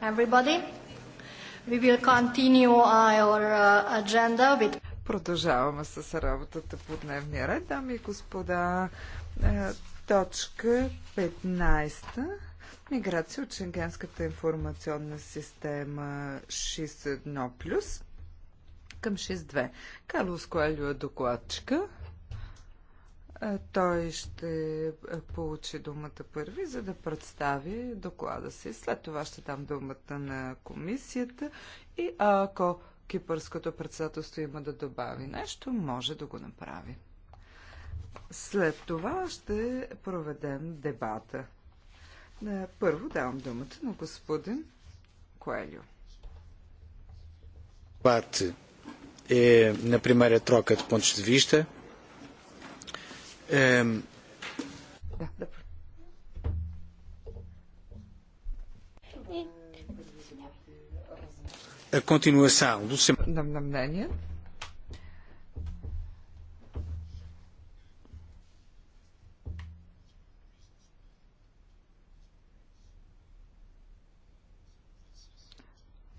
everybody. We will continue our uh, agenda with... Продължаваме с работата по дневния ред, дами и господа. Е, точка 15. Миграция от Шенгенската информационна система 61+. Към 6.2. Карлос Коелю е докладчика. Е, той ще е, получи думата първи, за да представи доклада си. След това ще дам думата на комисията и ако кипърското председателство има да добави нещо, може да го направи. След това ще проведем дебата. Е, първо давам думата на господин Коелио. Бате е на примеря трока от A continuação do seminário.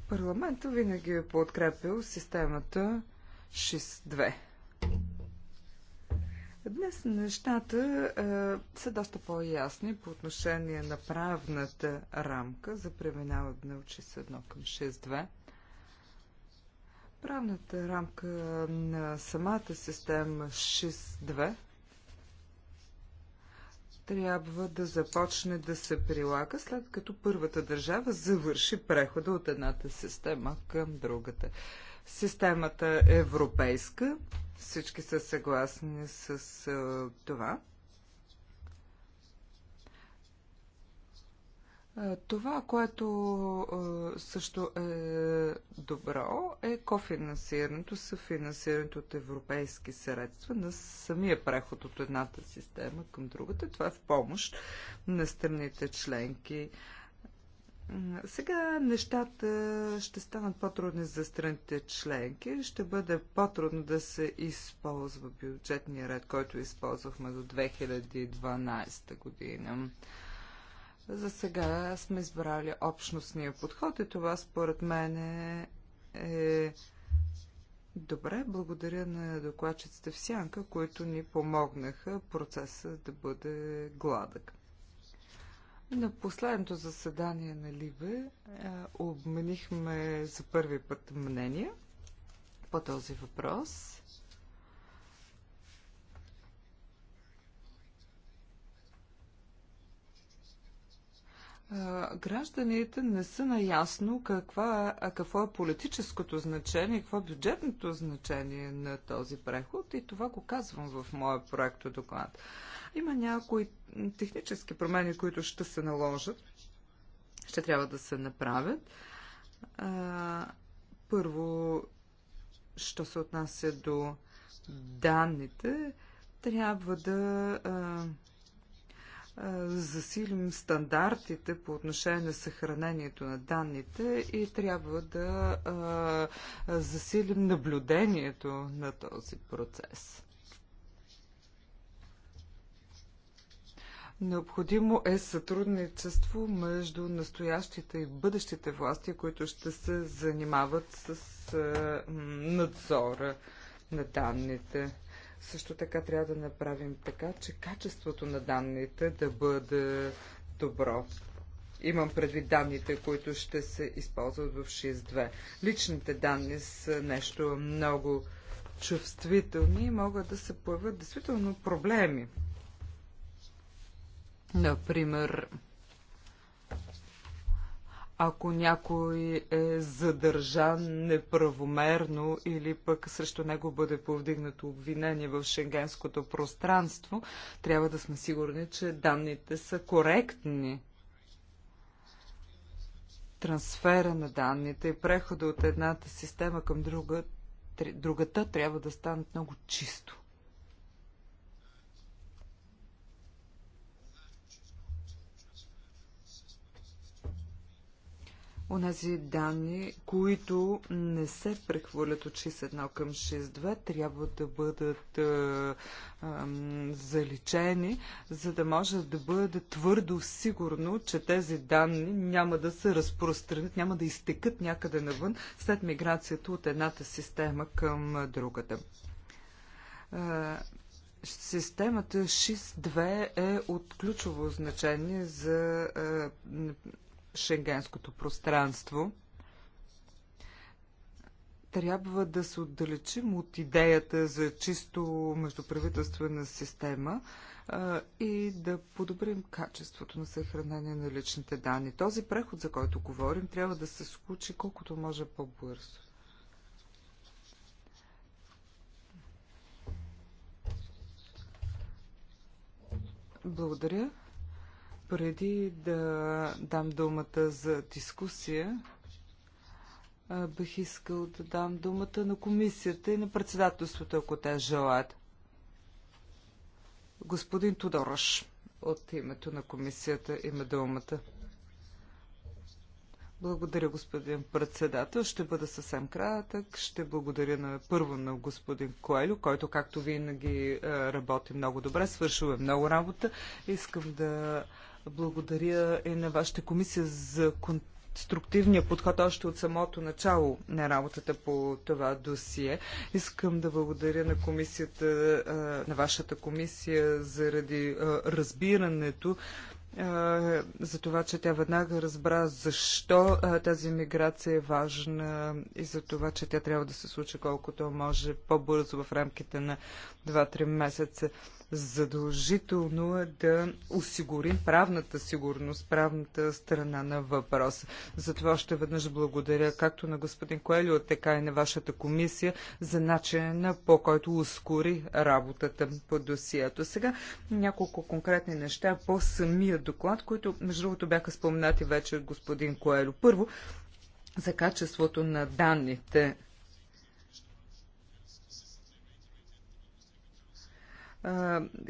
Парламентът винаги е подкрепил системата 6-2. Днес нещата е, са доста по-ясни по отношение на правната рамка за преминаване от 6.1 към 6.2. Правната рамка на самата система 6.2 трябва да започне да се прилага, след като първата държава завърши прехода от едната система към другата. Системата е европейска. Всички са съгласни с това. Това, което също е добро, е кофинансирането, съфинансирането от европейски средства на самия преход от едната система към другата. Това е в помощ на страните членки сега нещата ще станат по-трудни за страните членки. Ще бъде по-трудно да се използва бюджетния ред, който използвахме до 2012 година. За сега сме избрали общностния подход и това според мен е добре. Благодаря на докладчиците в Сянка, които ни помогнаха процесът да бъде гладък. На последното заседание на Либе е, обменихме за първи път мнение по този въпрос. гражданите не са наясно каква, а какво е политическото значение, какво е бюджетното значение на този преход и това го казвам в моя проект доклад. Има някои технически промени, които ще се наложат, ще трябва да се направят. Първо, що се отнася до данните, трябва да е, засилим стандартите по отношение на съхранението на данните и трябва да е, засилим наблюдението на този процес. Необходимо е сътрудничество между настоящите и бъдещите власти, които ще се занимават с е, надзора на данните. Също така трябва да направим така, че качеството на данните да бъде добро. Имам предвид данните, които ще се използват в 6.2. Личните данни са нещо много чувствителни и могат да се появят действително проблеми. Например, ако някой е задържан неправомерно или пък срещу него бъде повдигнато обвинение в шенгенското пространство, трябва да сме сигурни, че данните са коректни. Трансфера на данните и прехода от едната система към друга, другата трябва да станат много чисто. Онези данни, които не се прехвърлят от 61 към 62, трябва да бъдат а, заличени, за да може да бъде твърдо сигурно, че тези данни няма да се разпространят, няма да изтекат някъде навън след миграцията от едната система към другата. системата 6.2 е от ключово значение за шенгенското пространство. Трябва да се отдалечим от идеята за чисто междуправителствена система а, и да подобрим качеството на съхранение на личните данни. Този преход, за който говорим, трябва да се случи колкото може по-бързо. Благодаря. Преди да дам думата за дискусия, бих искал да дам думата на комисията и на председателството, ако те желаят. Господин Тодораш от името на комисията има думата. Благодаря, господин председател. Ще бъда съвсем кратък. Ще благодаря на, първо на господин Коелю, който, както винаги, работи много добре, свършил е много работа. Искам да благодаря и на вашата комисия за конструктивния подход още от самото начало на работата по това досие. Искам да благодаря на комисията, на вашата комисия заради разбирането за това, че тя веднага разбра защо тази миграция е важна и за това, че тя трябва да се случи колкото може по-бързо в рамките на 2-3 месеца. Задължително е да осигурим правната сигурност, правната страна на въпроса. Затова още веднъж благодаря както на господин Коелио, така и на вашата комисия за начина по който ускори работата по досието. Сега няколко конкретни неща по самия доклад, които между другото бяха споменати вече от господин Коелю. Първо, за качеството на данните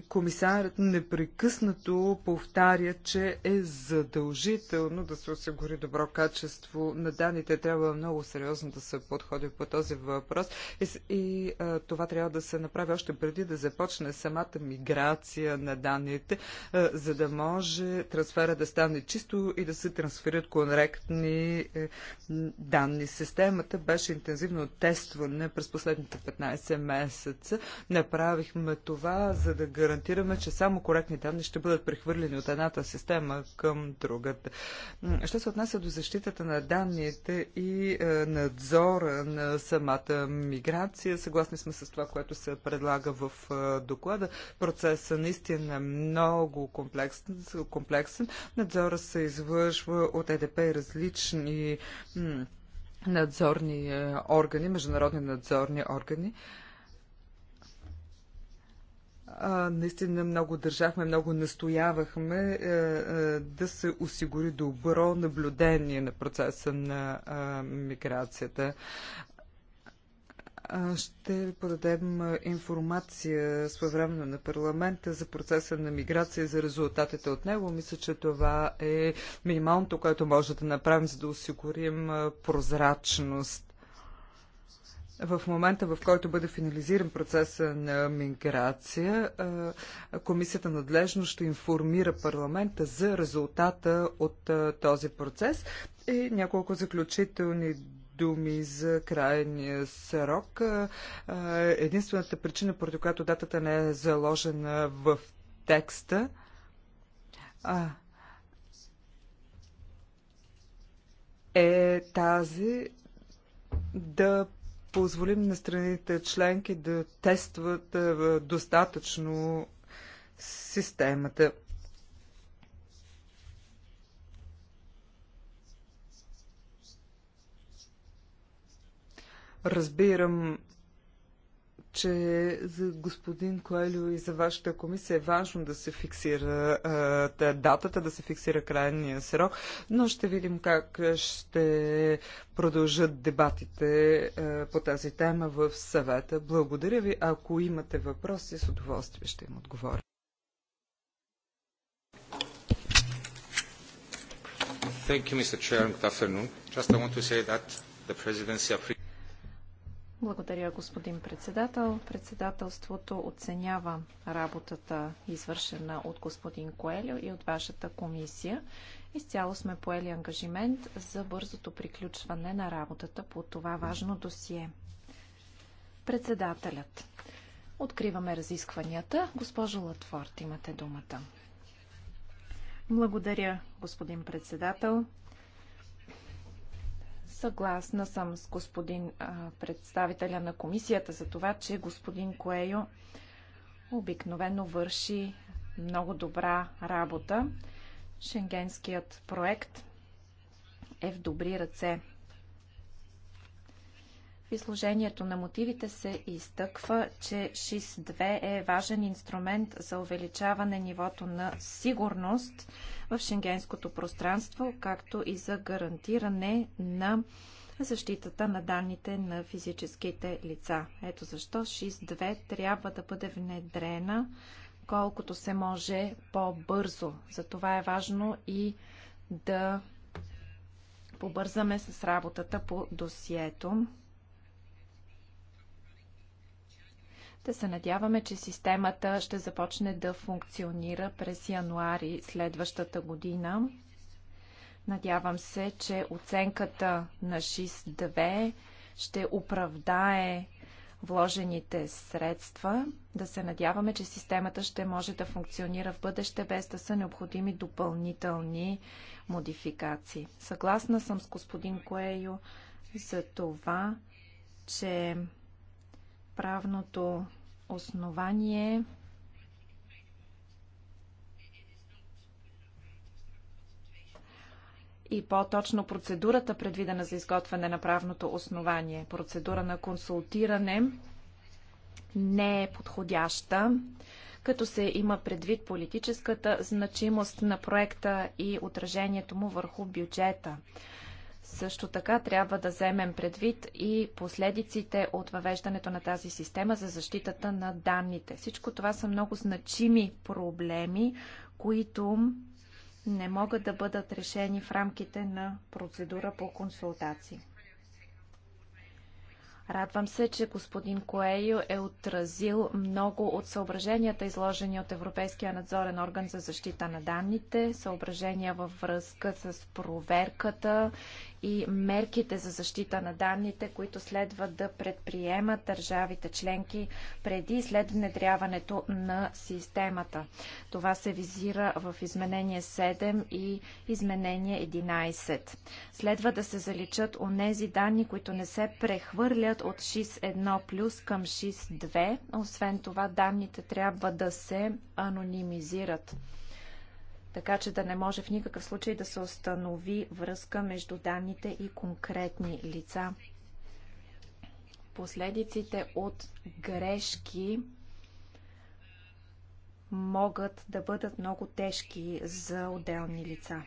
комисарът непрекъснато повтаря, че е задължително да се осигури добро качество на данните. Трябва много сериозно да се подходи по този въпрос и, и а, това трябва да се направи още преди да започне самата миграция на данните, а, за да може трансфера да стане чисто и да се трансферират коректни е, данни. Системата беше интензивно тестване през последните 15 месеца. Направихме това за да гарантираме, че само коректни данни ще бъдат прехвърлени от едната система към другата. Що се отнася до защитата на данните и е, надзора на самата миграция, съгласни сме с това, което се предлага в е, доклада. Процесът наистина е много комплексен. Надзора се извършва от ЕДП и различни надзорни е, органи, международни надзорни органи. А, наистина много държахме, много настоявахме а, е, а, е, да се осигури добро наблюдение на процеса на а, миграцията. Ще подадем информация своевременно на парламента за процеса на миграция и за резултатите от него. Мисля, че това е минималното, което може да направим, за да осигурим прозрачност в момента, в който бъде финализиран процеса на миграция, комисията надлежно ще информира парламента за резултата от този процес и няколко заключителни думи за крайния срок. Единствената причина, поради която датата не е заложена в текста, е тази да позволим на страните членки да тестват достатъчно системата. Разбирам че за господин Коелю и за вашата комисия е важно да се фиксира а, датата, да се фиксира крайния срок, но ще видим как ще продължат дебатите а, по тази тема в съвета. Благодаря ви. Ако имате въпроси, с удоволствие ще им отговоря. Thank you, Mr. Chair. Good afternoon. Just I want to say that the presidency appreciates благодаря, господин председател. Председателството оценява работата, извършена от господин Коелю и от вашата комисия. Изцяло сме поели ангажимент за бързото приключване на работата по това важно досие. Председателят. Откриваме разискванията. Госпожо Латворд, имате думата. Благодаря, господин председател. Съгласна съм с господин а, представителя на комисията за това, че господин Коейо обикновено върши много добра работа. Шенгенският проект е в добри ръце в изложението на мотивите се изтъква, че ШИС-2 е важен инструмент за увеличаване нивото на сигурност в шенгенското пространство, както и за гарантиране на защитата на данните на физическите лица. Ето защо ШИС-2 трябва да бъде внедрена колкото се може по-бързо. Затова е важно и да побързаме с работата по досието. Да се надяваме, че системата ще започне да функционира през януари следващата година. Надявам се, че оценката на ШИС-2 ще оправдае вложените средства. Да се надяваме, че системата ще може да функционира в бъдеще без да са необходими допълнителни модификации. Съгласна съм с господин Коею за това, че правното основание и по-точно процедурата, предвидена за изготвяне на правното основание, процедура на консултиране, не е подходяща, като се има предвид политическата значимост на проекта и отражението му върху бюджета. Също така трябва да вземем предвид и последиците от въвеждането на тази система за защитата на данните. Всичко това са много значими проблеми, които не могат да бъдат решени в рамките на процедура по консултации. Радвам се, че господин Коейо е отразил много от съображенията, изложени от Европейския надзорен орган за защита на данните, съображения във връзка с проверката и мерките за защита на данните, които следва да предприемат държавите членки преди и след внедряването на системата. Това се визира в изменение 7 и изменение 11. Следва да се заличат онези данни, които не се прехвърлят от ШИС-1 плюс към ШИС-2. Освен това, данните трябва да се анонимизират така че да не може в никакъв случай да се установи връзка между данните и конкретни лица. Последиците от грешки могат да бъдат много тежки за отделни лица.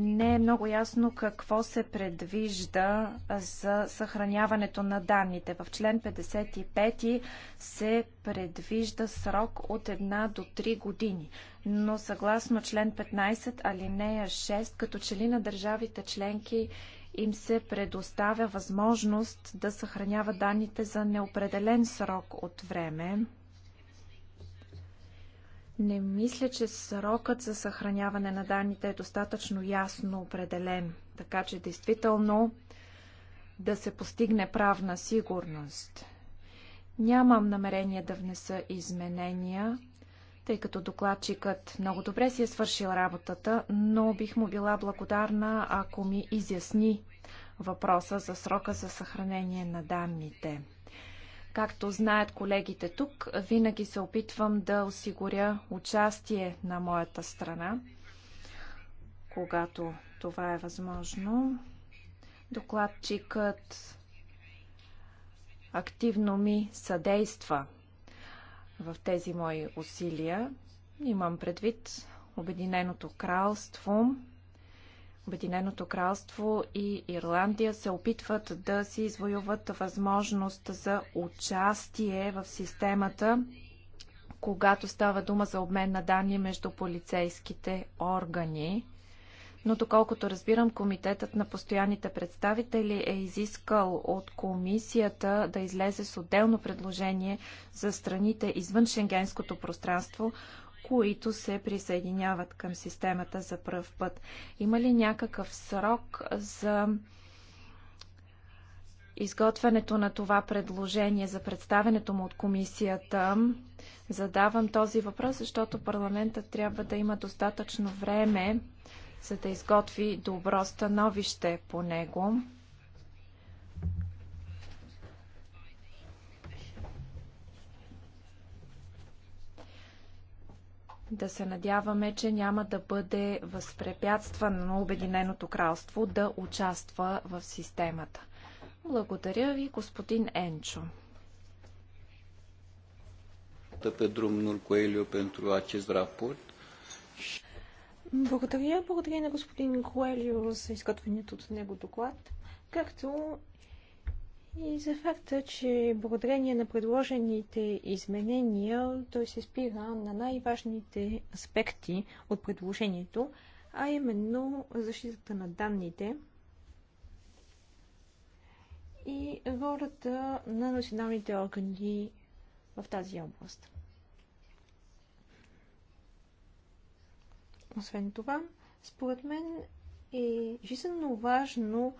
Не е много ясно какво се предвижда за съхраняването на данните. В член 55 се предвижда срок от една до три години, но съгласно член 15 алинея 6, като че ли на държавите членки им се предоставя възможност да съхраняват данните за неопределен срок от време. Не мисля, че срокът за съхраняване на данните е достатъчно ясно определен, така че действително да се постигне правна сигурност. Нямам намерение да внеса изменения, тъй като докладчикът много добре си е свършил работата, но бих му била благодарна, ако ми изясни въпроса за срока за съхранение на данните. Както знаят колегите тук, винаги се опитвам да осигуря участие на моята страна, когато това е възможно. Докладчикът активно ми съдейства в тези мои усилия. Имам предвид Обединеното кралство – Обединеното кралство и Ирландия се опитват да си извоюват възможност за участие в системата, когато става дума за обмен на данни между полицейските органи. Но доколкото разбирам, Комитетът на постоянните представители е изискал от комисията да излезе с отделно предложение за страните извън шенгенското пространство, които се присъединяват към системата за пръв път. Има ли някакъв срок за изготвянето на това предложение, за представенето му от комисията? Задавам този въпрос, защото парламентът трябва да има достатъчно време, за да изготви добро становище по него. Да се надяваме, че няма да бъде възпрепятствано на Обединеното кралство да участва в системата. Благодаря ви, господин Енчо. Благодаря. Благодаря на господин Коелио за изготвеният от него доклад, както и за факта, че благодарение на предложените изменения той се спира на най-важните аспекти от предложението, а именно защитата на данните и ролята на националните органи в тази област. Освен това, според мен е жизненно важно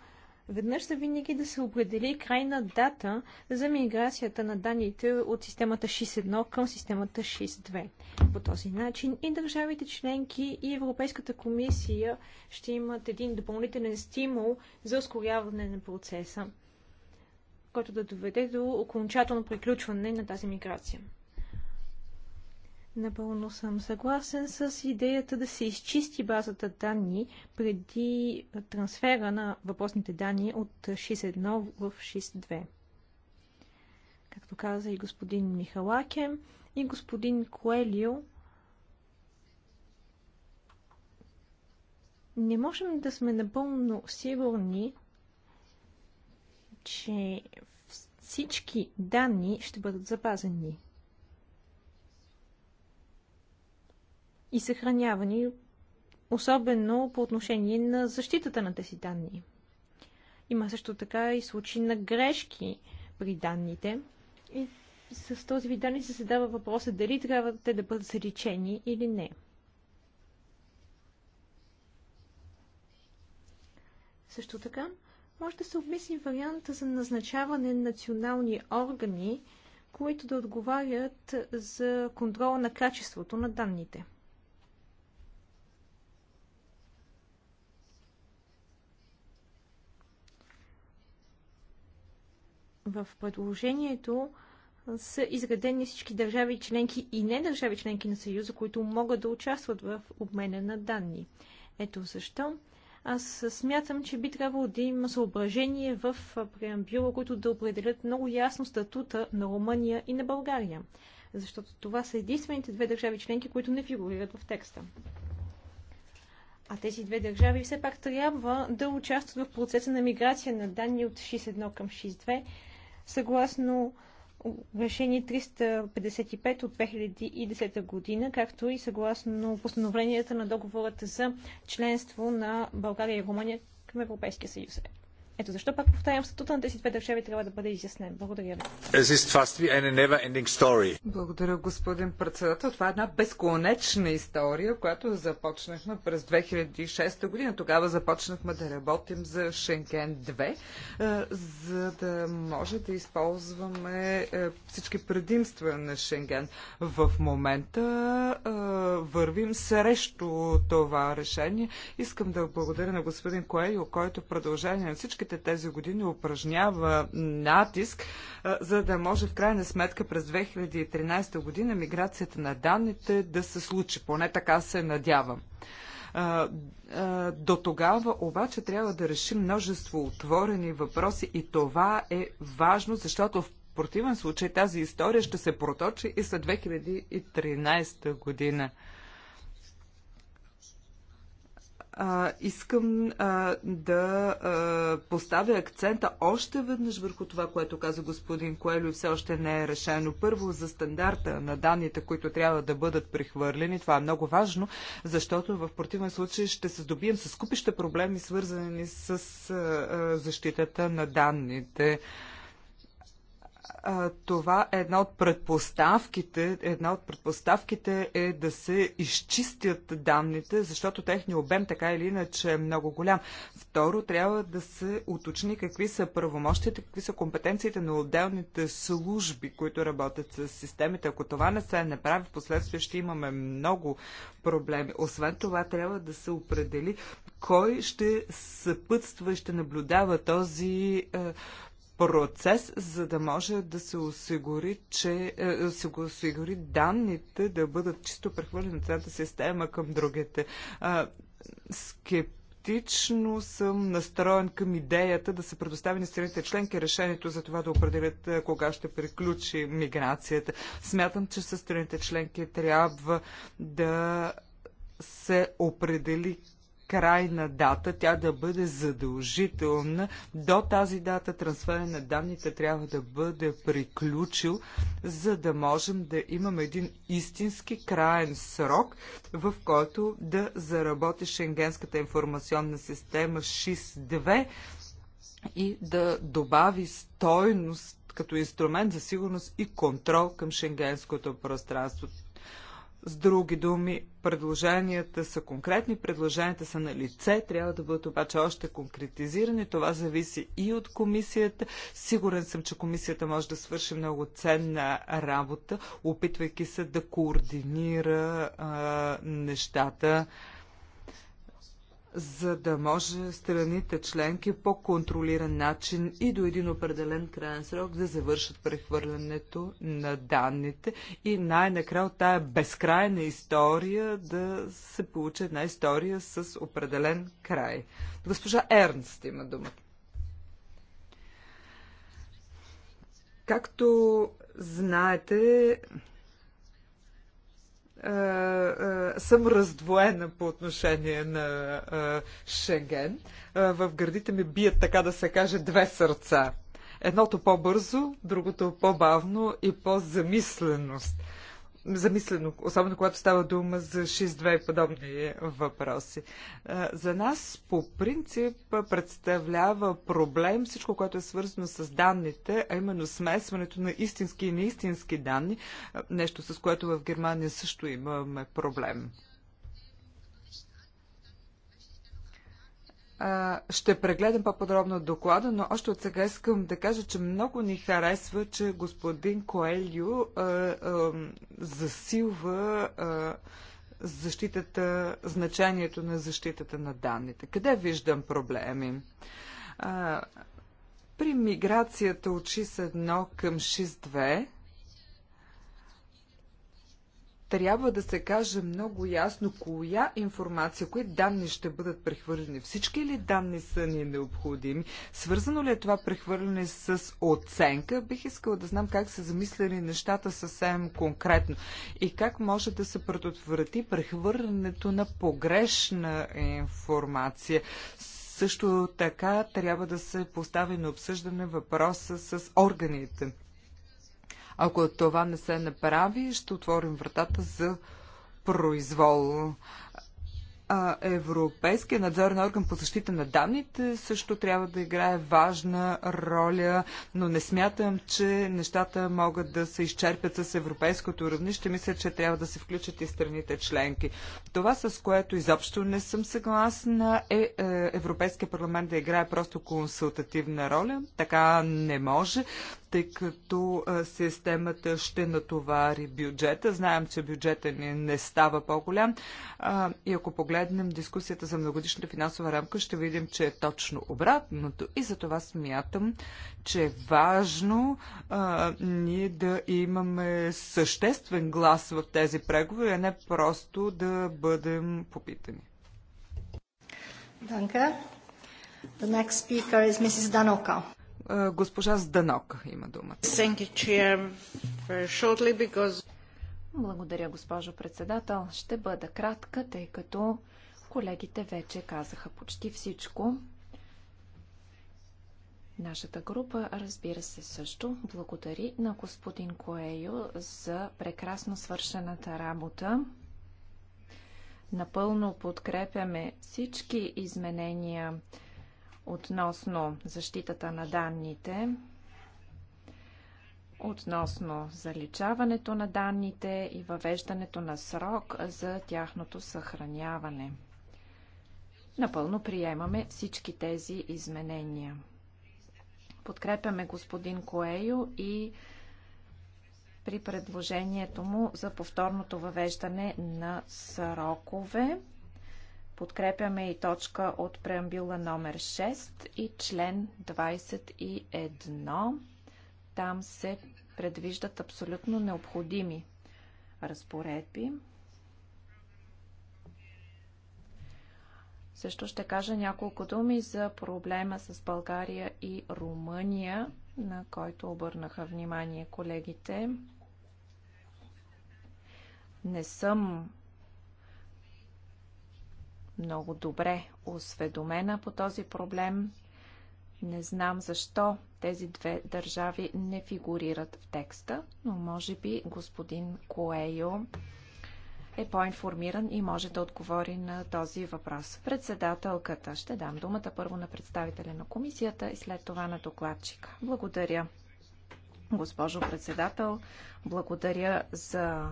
веднъж за винаги да се определи крайна дата за миграцията на данните от системата ШИС-1 към системата ШИС-2. По този начин и държавите членки и Европейската комисия ще имат един допълнителен стимул за ускоряване на процеса, който да доведе до окончателно приключване на тази миграция. Напълно съм съгласен с идеята да се изчисти базата данни преди трансфера на въпросните данни от 6.1 в 6.2. Както каза и господин Михалаке и господин Коелио, не можем да сме напълно сигурни, че всички данни ще бъдат запазени. и съхранявани, особено по отношение на защитата на тези данни. Има също така и случаи на грешки при данните. И с този вид данни се задава въпроса дали трябва те да бъдат заличени или не. Също така, може да се обмисли варианта за назначаване на национални органи, които да отговарят за контрола на качеството на данните. В предложението са изградени всички държави членки и не държави членки на Съюза, които могат да участват в обмена на данни. Ето защо. Аз смятам, че би трябвало да има съображение в преамбюла, които да определят много ясно статута на Румъния и на България. Защото това са единствените две държави членки, които не фигурират в текста. А тези две държави все пак трябва да участват в процеса на миграция на данни от 6.1 към 6.2, съгласно решение 355 от 2010 година, както и съгласно постановленията на договората за членство на България и Румъния към Европейския съюз. Ето защо пак повтарям, статута на тези две държави трябва да бъде изяснен. Благодаря ви. Благодаря, господин председател. Това е една безконечна история, която започнахме през 2006 година. Тогава започнахме да работим за Шенген 2, е, за да може да използваме е, всички предимства на Шенген. В момента е, вървим срещу това решение. Искам да благодаря на господин Коелио, който продължение на всички всичките тези години упражнява натиск, за да може в крайна сметка през 2013 година миграцията на данните да се случи. Поне така се надявам. До тогава обаче трябва да решим множество отворени въпроси и това е важно, защото в противен случай тази история ще се проточи и след 2013 година а, искам а, да а, поставя акцента още веднъж върху това, което каза господин Коелю, и все още не е решено. Първо за стандарта на данните, които трябва да бъдат прехвърлени. Това е много важно, защото в противен случай ще се добием с купища проблеми, свързани с а, а, защитата на данните. А, това е една от предпоставките. Една от предпоставките е да се изчистят данните, защото техния обем така или иначе е много голям. Второ, трябва да се уточни какви са правомощите, какви са компетенциите на отделните служби, които работят с системите. Ако това не се направи, в последствие ще имаме много проблеми. Освен това, трябва да се определи кой ще съпътства и ще наблюдава този е, процес, за да може да се осигури, че, е, се осигури данните да бъдат чисто прехвърлени от едната система към другите. А, скептично съм настроен към идеята да се предостави на страните членки решението за това да определят е, кога ще приключи миграцията. Смятам, че с страните членки трябва да се определи крайна дата, тя да бъде задължителна. До тази дата трансфера на данните трябва да бъде приключил, за да можем да имаме един истински краен срок, в който да заработи Шенгенската информационна система 2 и да добави стойност като инструмент за сигурност и контрол към шенгенското пространство. С други думи, предложенията са конкретни, предложенията са на лице, трябва да бъдат обаче още конкретизирани. Това зависи и от комисията. Сигурен съм, че комисията може да свърши много ценна работа, опитвайки се да координира а, нещата за да може страните членки по контролиран начин и до един определен крайен срок да завършат прехвърлянето на данните и най-накрая от тая безкрайна история да се получи една история с определен край. Госпожа Ернст има думата. Както знаете, е, е, съм раздвоена по отношение на е, Шенген. В гърдите ми бият, така да се каже, две сърца. Едното по-бързо, другото по-бавно и по-замисленост замислено, особено когато става дума за 6-2 и подобни въпроси. За нас по принцип представлява проблем всичко, което е свързано с данните, а именно смесването на истински и неистински данни, нещо с което в Германия също имаме проблем. Ще прегледам по-подробно доклада, но още от сега искам да кажа, че много ни харесва, че господин Коелю а, а, засилва а, защитата, значението на защитата на данните. Къде виждам проблеми? при миграцията от 6.1 към 6.2 трябва да се каже много ясно коя информация, кои данни ще бъдат прехвърлени. Всички ли данни са ни необходими? Свързано ли е това прехвърляне с оценка? Бих искала да знам как са замислени нещата съвсем конкретно и как може да се предотврати прехвърлянето на погрешна информация. Също така трябва да се постави на обсъждане въпроса с органите ако това не се направи, ще отворим вратата за произвол. А Европейския надзорен орган по защита на данните също трябва да играе важна роля, но не смятам, че нещата могат да се изчерпят с европейското равнище. Мисля, че трябва да се включат и страните членки. Това, с което изобщо не съм съгласна, е, е Европейския парламент да играе просто консултативна роля. Така не може, тъй като е, системата ще натовари бюджета. Знаем, че бюджета ни не става по-голям. И ако погледнем погледнем дискусията за многодишната финансова рамка, ще видим, че е точно обратното. И за това смятам, че е важно а, ние да имаме съществен глас в тези преговори, а не просто да бъдем попитани. Данка. The next speaker is Mrs. Danoka. Госпожа Зданока има думата. Thank you, Chair. Very shortly, because благодаря, госпожо председател. Ще бъда кратка, тъй като колегите вече казаха почти всичко. Нашата група, разбира се, също благодари на господин Коею за прекрасно свършената работа. Напълно подкрепяме всички изменения относно защитата на данните относно заличаването на данните и въвеждането на срок за тяхното съхраняване. Напълно приемаме всички тези изменения. Подкрепяме господин Коею и при предложението му за повторното въвеждане на срокове. Подкрепяме и точка от преамбюла номер 6 и член 21 там се предвиждат абсолютно необходими разпоредби. Също ще кажа няколко думи за проблема с България и Румъния, на който обърнаха внимание колегите. Не съм много добре осведомена по този проблем. Не знам защо тези две държави не фигурират в текста, но може би господин Коейо е по-информиран и може да отговори на този въпрос. Председателката ще дам думата първо на представителя на комисията и след това на докладчика. Благодаря. Госпожо председател, благодаря за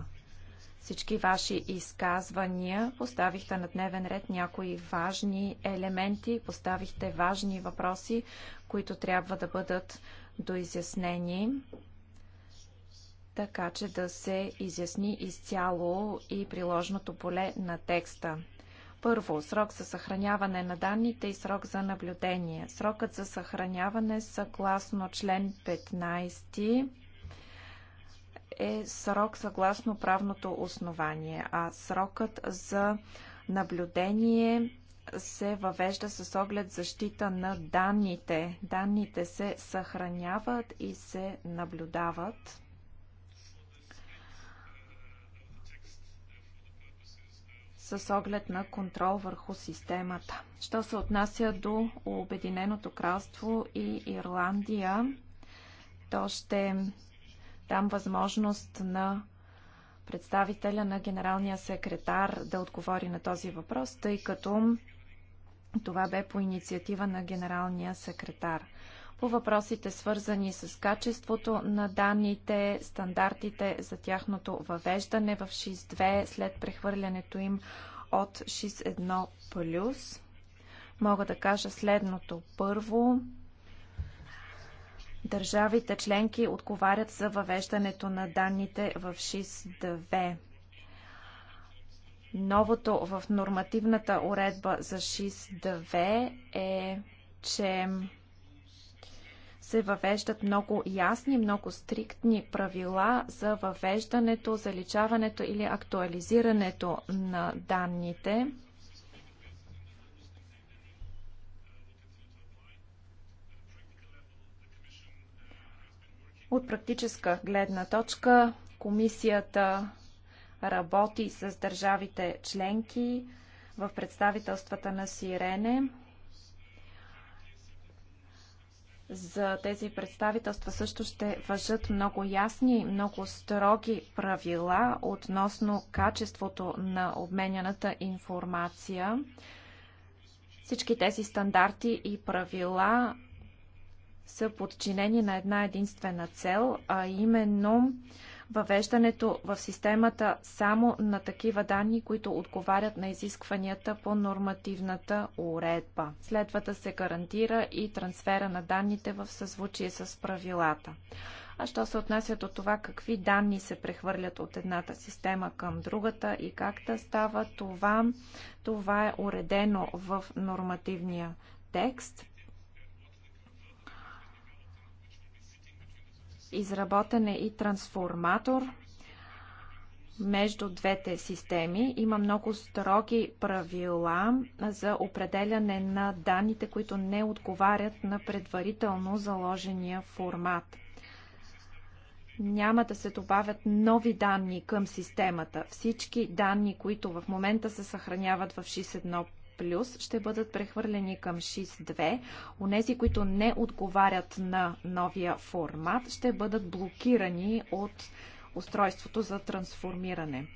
всички ваши изказвания. Поставихте на дневен ред някои важни елементи, поставихте важни въпроси, които трябва да бъдат доизяснени, така че да се изясни изцяло и приложното поле на текста. Първо, срок за съхраняване на данните и срок за наблюдение. Срокът за съхраняване съгласно член 15 е срок съгласно правното основание, а срокът за наблюдение се въвежда с оглед защита на данните. Данните се съхраняват и се наблюдават. с оглед на контрол върху системата. Що се отнася до Обединеното кралство и Ирландия, то ще дам възможност на представителя на генералния секретар да отговори на този въпрос, тъй като това бе по инициатива на генералния секретар. По въпросите свързани с качеството на данните, стандартите за тяхното въвеждане в ШИС-2 след прехвърлянето им от ШИС-1+, мога да кажа следното. Първо, Държавите членки отговарят за въвеждането на данните в ШИС-2. Новото в нормативната уредба за ШИС-2 е, че се въвеждат много ясни, много стриктни правила за въвеждането, заличаването или актуализирането на данните – От практическа гледна точка комисията работи с държавите членки в представителствата на Сирене. За тези представителства също ще въжат много ясни много строги правила относно качеството на обменяната информация. Всички тези стандарти и правила са подчинени на една единствена цел, а именно въвеждането в системата само на такива данни, които отговарят на изискванията по нормативната уредба. Следва да се гарантира и трансфера на данните в съзвучие с правилата. А що се отнася до това какви данни се прехвърлят от едната система към другата и как да става това, това е уредено в нормативния текст. Изработен е и трансформатор между двете системи. Има много строги правила за определяне на данните, които не отговарят на предварително заложения формат. Няма да се добавят нови данни към системата. Всички данни, които в момента се съхраняват в 61 плюс ще бъдат прехвърлени към ШИС-2. Онези, които не отговарят на новия формат, ще бъдат блокирани от устройството за трансформиране.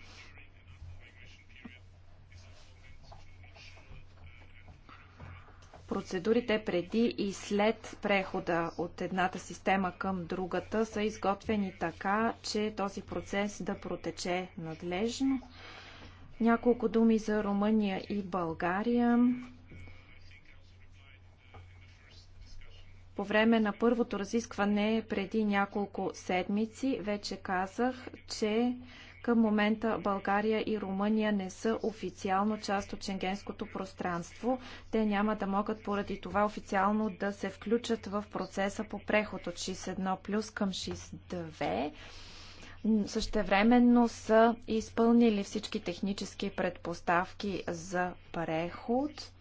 процедурите преди и след прехода от едната система към другата са изготвени така, че този процес да протече надлежно. Няколко думи за Румъния и България. По време на първото разискване преди няколко седмици вече казах, че към момента България и Румъния не са официално част от шенгенското пространство. Те няма да могат поради това официално да се включат в процеса по преход от 61 плюс към 62 същевременно са изпълнили всички технически предпоставки за преход.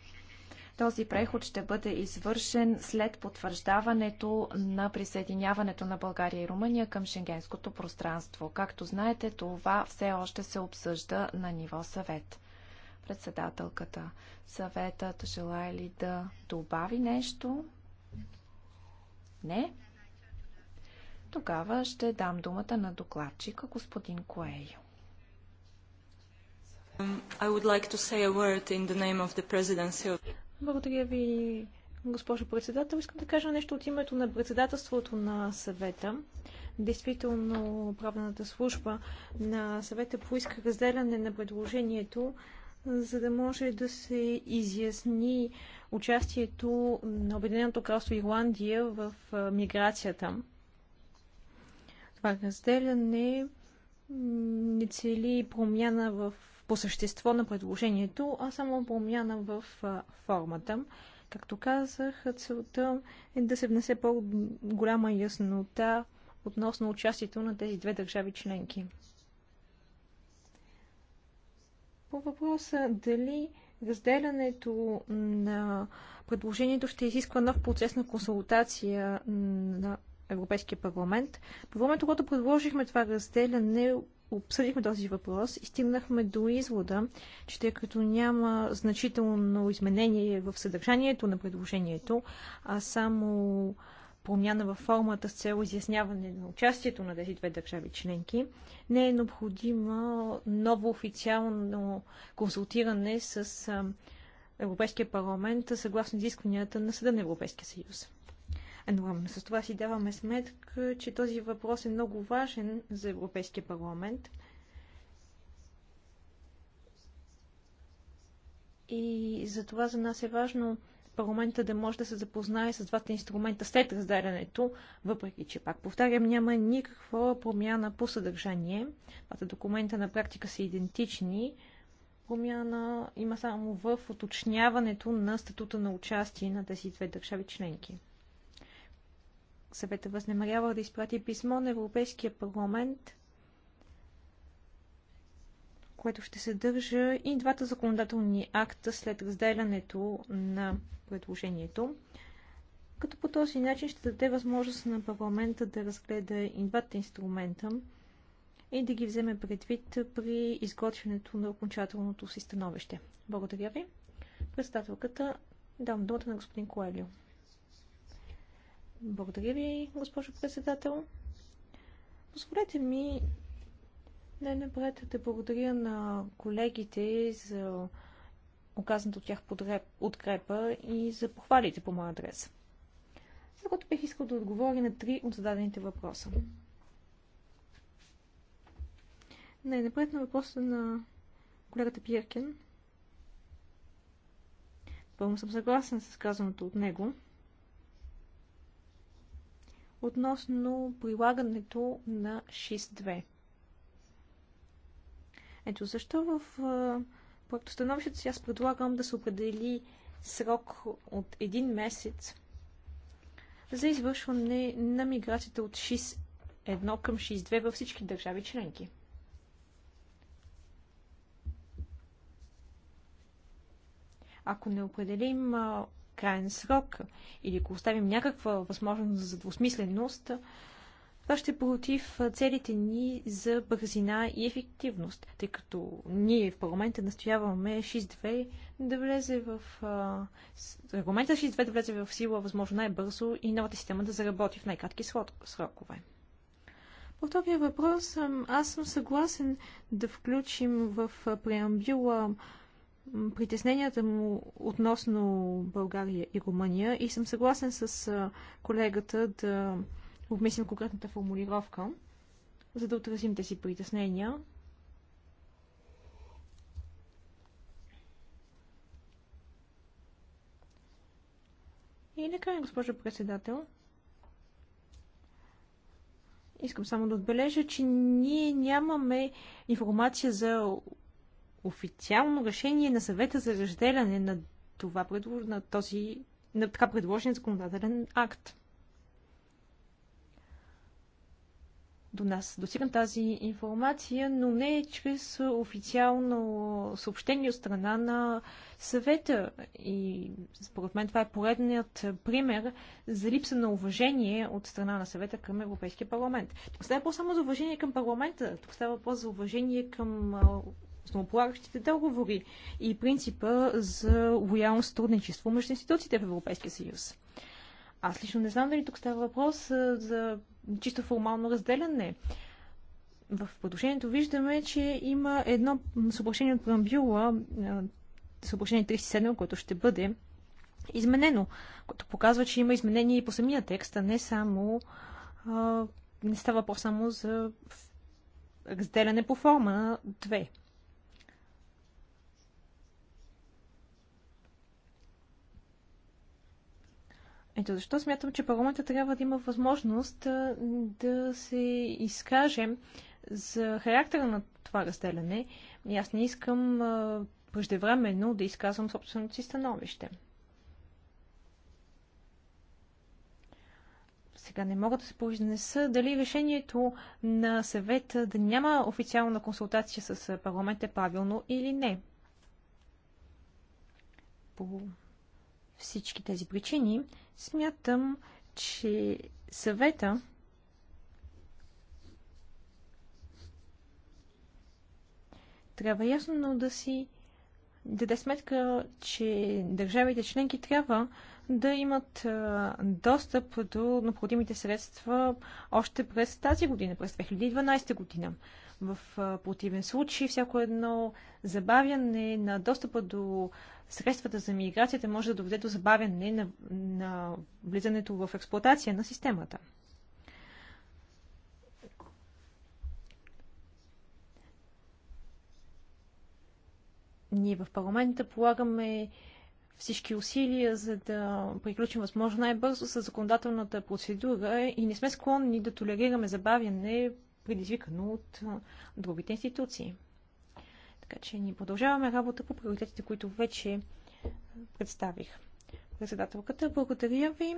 Този преход ще бъде извършен след потвърждаването на присъединяването на България и Румъния към шенгенското пространство. Както знаете, това все още се обсъжда на ниво съвет. Председателката, съветът желая ли да добави нещо? Не? Тогава ще дам думата на докладчика господин Коейо. Um, like Благодаря ви, госпожо председател. Искам да кажа нещо от името на председателството на съвета. Действително, правната служба на съвета поиска разделяне на предложението, за да може да се изясни участието на Обединеното кралство Ирландия в миграцията. Това разделяне не цели промяна в, по същество на предложението, а само промяна в формата. Както казах, целта е да се внесе по-голяма яснота относно участието на тези две държави членки. По въпроса дали разделянето на предложението ще изисква нов процес на консултация на Европейския парламент. По времето, когато предложихме това разделяне, обсъдихме този въпрос и стигнахме до извода, че тъй като няма значително изменение в съдържанието на предложението, а само промяна във формата с цел изясняване на участието на тези две държави членки, не е необходимо ново официално консултиране с Европейския парламент съгласно изискванията на Съда на Европейския съюз. Едновременно с това си даваме сметка, че този въпрос е много важен за Европейския парламент. И за това за нас е важно парламента да може да се запознае с двата инструмента след раздарянето, въпреки че, пак повтарям, няма никаква промяна по съдържание. Двата документа на практика са идентични. Промяна има само в уточняването на статута на участие на тези две държави членки съвета възнамерява да изпрати писмо на Европейския парламент, което ще съдържа и двата законодателни акта след разделянето на предложението, като по този начин ще даде възможност на парламента да разгледа и двата инструмента и да ги вземе предвид при изготвянето на окончателното си становище. Благодаря ви. представката, дам думата на господин Коелио. Благодаря ви, госпожо председател. Позволете ми най-напред да благодаря на колегите за оказаната от тях подкрепа и за похвалите по моя адрес. За което бих искал да отговоря на три от зададените въпроса. Не, напред на въпроса на колегата Пиеркин. Пълно съм съгласен с казаното от него относно прилагането на ШИС-2. Ето защо в проектостановището си аз предлагам да се определи срок от един месец за извършване на миграцията от ШИС-1 към ШИС-2 във всички държави членки. Ако не определим крайен срок или ако оставим някаква възможност за двусмисленост, това ще е против целите ни за бързина и ефективност, тъй като ние в парламента настояваме 6.2 да влезе в... Регламента 6.2 да влезе в сила възможно най-бързо и новата система да заработи в най-кратки срокове. По този въпрос аз съм съгласен да включим в преамбюла притесненията му относно България и Румъния и съм съгласен с колегата да обмислим конкретната формулировка, за да отразим тези притеснения. И накрая, госпожо председател, искам само да отбележа, че ние нямаме информация за официално решение на съвета за разделяне на, това, на, този, на така предложен законодателен акт. до нас достигна тази информация, но не чрез официално съобщение от страна на съвета. И според мен това е поредният пример за липса на уважение от страна на съвета към Европейския парламент. Тук става по само за уважение към парламента, тук става въпрос за уважение към основополагащите договори и принципа за лоялно сътрудничество между институциите в Европейския съюз. Аз лично не знам дали тук става въпрос за чисто формално разделяне. В продължението виждаме, че има едно съобщение от преамбюла, съобщение 37, което ще бъде изменено, което показва, че има изменения и по самия текст, а не само а, не става въпрос само за разделяне по форма на две. Ето защо смятам, че парламента трябва да има възможност да се изкажем за характера на това разделяне. И аз не искам преждевременно да изказвам собственото си становище. Сега не мога да се произнеса дали решението на съвета да няма официална консултация с парламент е правилно или не всички тези причини, смятам, че съвета трябва ясно да си даде сметка, че държавите членки трябва да имат достъп до необходимите средства още през тази година, през 2012 година. В противен случай всяко едно забавяне на достъпа до средствата за миграцията може да доведе до забавяне на, на влизането в експлоатация на системата. Ние в парламента полагаме всички усилия, за да приключим възможно най-бързо с законодателната процедура и не сме склонни да толерираме забавяне, предизвикано от другите институции. Така че ни продължаваме работа по приоритетите, които вече представих. Председателката, благодаря ви.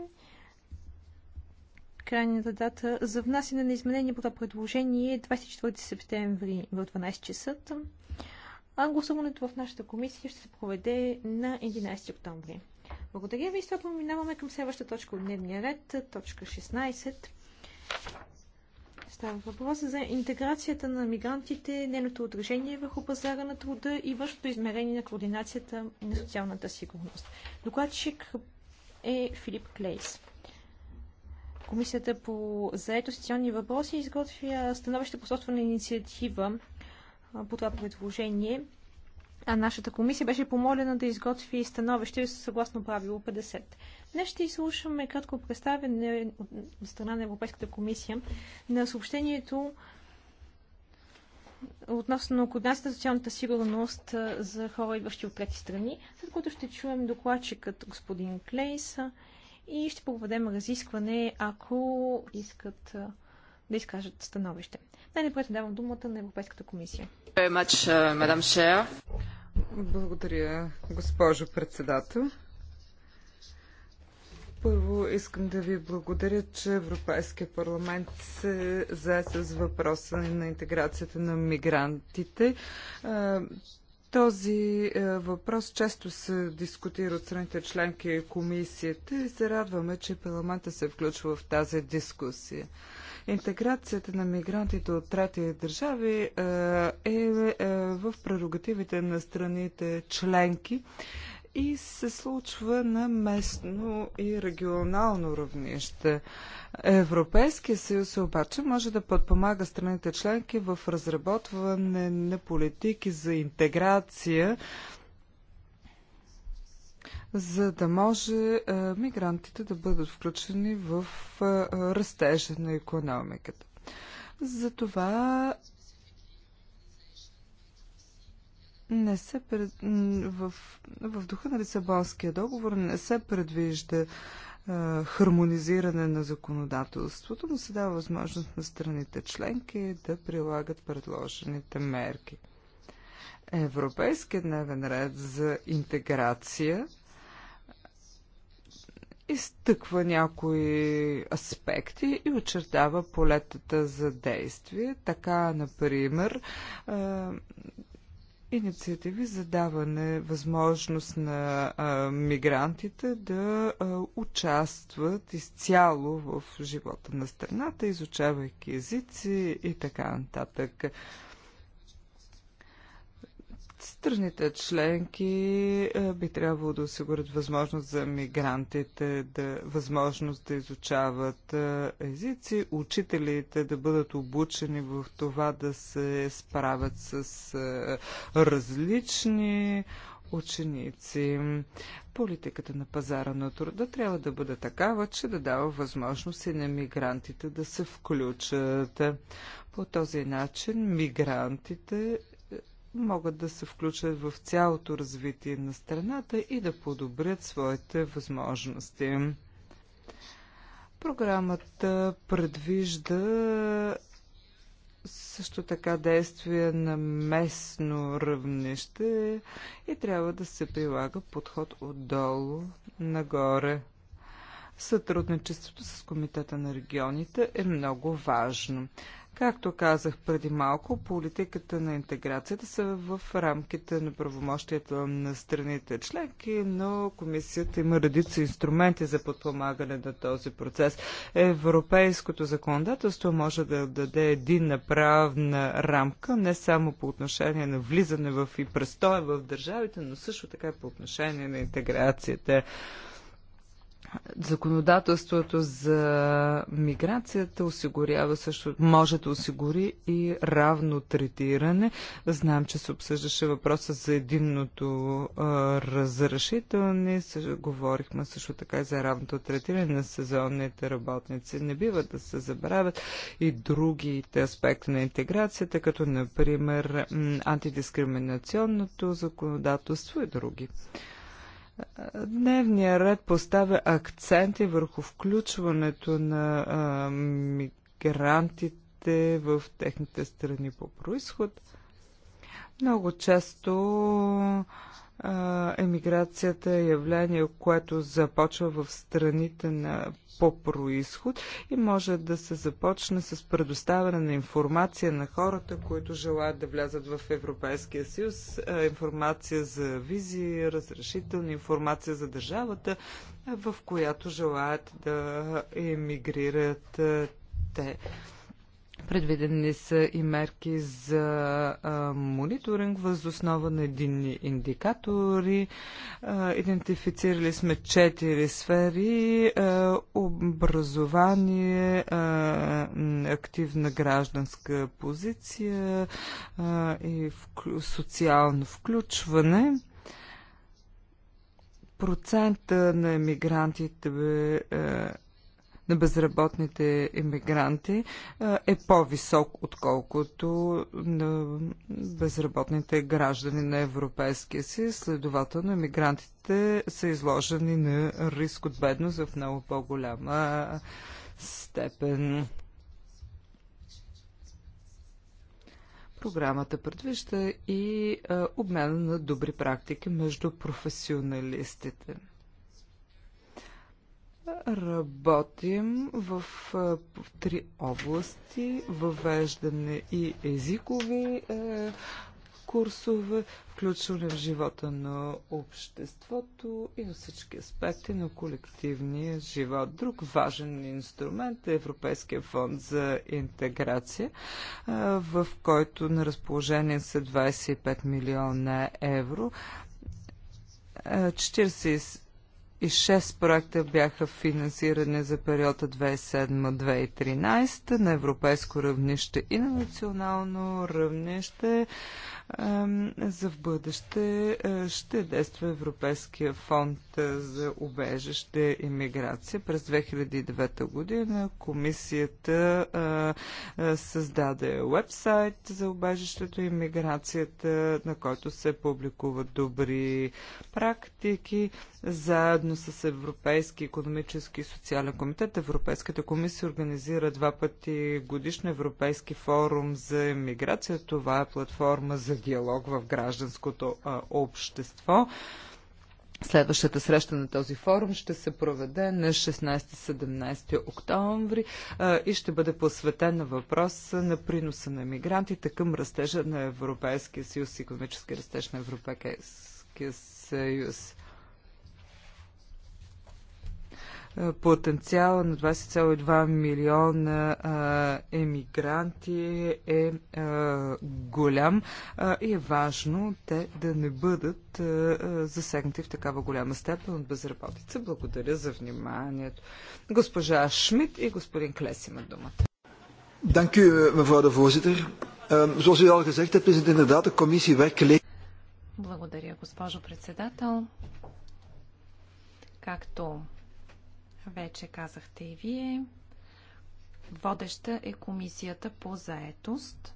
Крайната дата за внасяне на изменения по това предложение е 24 септември в 12 часа. А гласуването в нашата комисия ще се проведе на 11 октомври. Благодаря ви и с това към следващата точка от дневния ред, точка 16. Става въпрос за интеграцията на мигрантите, нейното отражение върху пазара на труда и външното измерение на координацията на социалната сигурност. Докладчик е Филип Клейс. Комисията по заето социални въпроси изготвя становище по собствена инициатива по това предложение, а нашата комисия беше помолена да изготви становище съгласно правило 50. Днес ще изслушаме кратко представяне от страна на Европейската комисия на съобщението относно координацията на социалната сигурност за хора, идващи от трети страни, след което ще чуем докладчикът господин Клейс и ще проведем разискване, ако искат да изкажат становище. Най-напред давам думата на Европейската комисия. Uh, Благодаря, госпожо председател. Първо искам да ви благодаря, че Европейския парламент се зае с въпроса на интеграцията на мигрантите. Този въпрос често се дискутира от страните членки и комисията и се радваме, че парламента се включва в тази дискусия. Интеграцията на мигрантите от трети държави е, е в прерогативите на страните членки и се случва на местно и регионално равнище. Европейския съюз обаче може да подпомага страните членки в разработване на политики за интеграция, за да може мигрантите да бъдат включени в растежа на економиката. Затова не се пред... в, в духа на Лисабонския договор не се предвижда а, хармонизиране на законодателството, но се дава възможност на страните членки да прилагат предложените мерки. Европейският дневен ред за интеграция изтъква някои аспекти и очертава полетата за действие. Така, например, инициативи за даване възможност на а, мигрантите да а, участват изцяло в живота на страната, изучавайки езици и така нататък. Страните членки е, би трябвало да осигурят възможност за мигрантите, да, възможност да изучават е, езици, учителите да бъдат обучени в това да се справят с е, различни ученици. Политиката на пазара на труда трябва да бъде такава, че да дава възможност и на мигрантите да се включат. По този начин мигрантите могат да се включат в цялото развитие на страната и да подобрят своите възможности. Програмата предвижда също така действие на местно равнище и трябва да се прилага подход отдолу нагоре. Сътрудничеството с Комитета на регионите е много важно. Както казах преди малко, политиката на интеграцията са в рамките на правомощията на страните членки, но комисията има редица инструменти за подпомагане на този процес. Европейското законодателство може да даде един направна рамка, не само по отношение на влизане в и престоя в държавите, но също така и по отношение на интеграцията законодателството за миграцията осигурява също, може да осигури и равно третиране. Знам, че се обсъждаше въпроса за единното а, разрешителни. говорихме също така и за равното третиране на сезонните работници. Не бива да се забравят и другите аспекти на интеграцията, като например антидискриминационното законодателство и други. Дневният ред поставя акценти върху включването на а, мигрантите в техните страни по происход. Много често емиграцията е явление, което започва в страните на по происход и може да се започне с предоставяне на информация на хората, които желаят да влязат в Европейския съюз, информация за визи, разрешителна информация за държавата, в която желаят да емигрират те. Предвидени са и мерки за а, мониторинг възоснова на единни индикатори. А, идентифицирали сме четири сфери а, образование, а, активна гражданска позиция а, и социално включване процента на емигрантите бе, на безработните емигранти е по-висок, отколкото на безработните граждани на Европейския си, Следователно, емигрантите са изложени на риск от бедност в много по-голяма степен. Програмата предвижда и обмена на добри практики между професионалистите. Работим в, в три области въвеждане и езикови е, курсове, включване в живота на обществото и на всички аспекти на колективния живот. Друг важен инструмент е Европейския фонд за интеграция, в който на разположение са 25 милиона евро и 6 проекта бяха финансирани за периода 2007-2013 на европейско равнище и на национално равнище. За в бъдеще ще действа Европейския фонд за убежище и миграция. През 2009 година комисията създаде вебсайт за убежището и миграцията, на който се публикуват добри практики, заедно заедно с Европейски економически и социален комитет. Европейската комисия организира два пъти годишно Европейски форум за миграция. Това е платформа за диалог в гражданското а, общество. Следващата среща на този форум ще се проведе на 16-17 октомври а, и ще бъде посветен на въпрос на приноса на мигрантите към растежа на Европейския съюз, економически растеж на Европейския съюз. Е, потенциала на 20,2 милиона а, емигранти е а, е, голям а, и е важно те да не бъдат а, е, засегнати в такава голяма степен от безработица. Благодаря за вниманието. Госпожа Шмидт и господин Клес имат думата. Ehm, Благодаря, госпожо председател. Както вече казахте и вие. Водеща е комисията по заетост.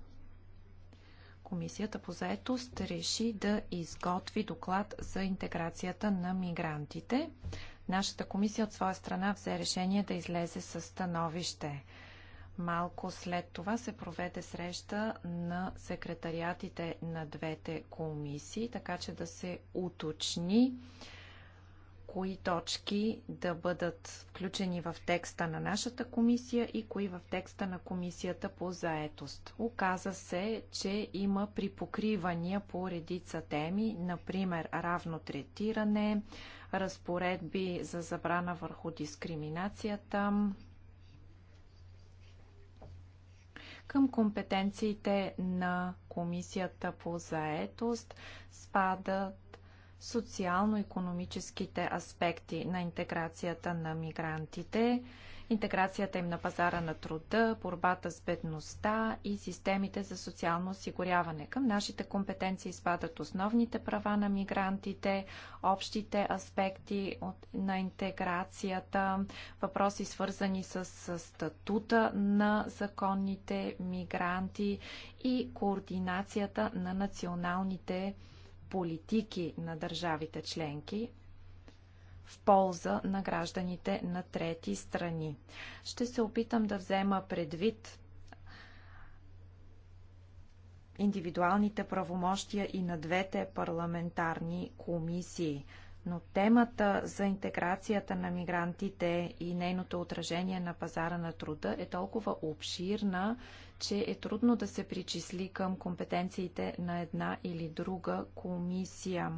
Комисията по заетост реши да изготви доклад за интеграцията на мигрантите. Нашата комисия от своя страна взе решение да излезе със становище. Малко след това се проведе среща на секретариатите на двете комисии, така че да се уточни кои точки да бъдат включени в текста на нашата комисия и кои в текста на комисията по заетост. Оказа се, че има припокривания по редица теми, например равно третиране, разпоредби за забрана върху дискриминацията, към компетенциите на Комисията по заетост спада социално-економическите аспекти на интеграцията на мигрантите, интеграцията им на пазара на труда, борбата с бедността и системите за социално осигуряване. Към нашите компетенции спадат основните права на мигрантите, общите аспекти от, на интеграцията, въпроси свързани с статута на законните мигранти и координацията на националните мигранти политики на държавите членки в полза на гражданите на трети страни. Ще се опитам да взема предвид индивидуалните правомощия и на двете парламентарни комисии – но темата за интеграцията на мигрантите и нейното отражение на пазара на труда е толкова обширна, че е трудно да се причисли към компетенциите на една или друга комисия.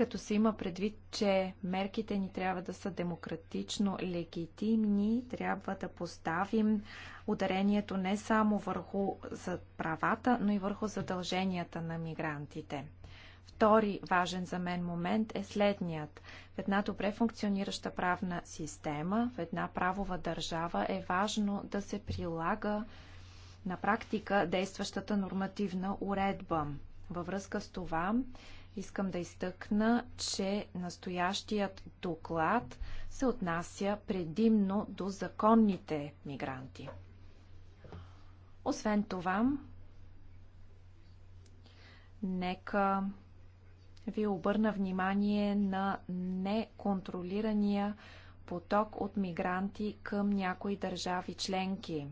като се има предвид, че мерките ни трябва да са демократично легитимни, трябва да поставим ударението не само върху правата, но и върху задълженията на мигрантите. Втори важен за мен момент е следният. В една добре функционираща правна система, в една правова държава е важно да се прилага на практика действащата нормативна уредба. Във връзка с това Искам да изтъкна, че настоящият доклад се отнася предимно до законните мигранти. Освен това, нека ви обърна внимание на неконтролирания поток от мигранти към някои държави членки.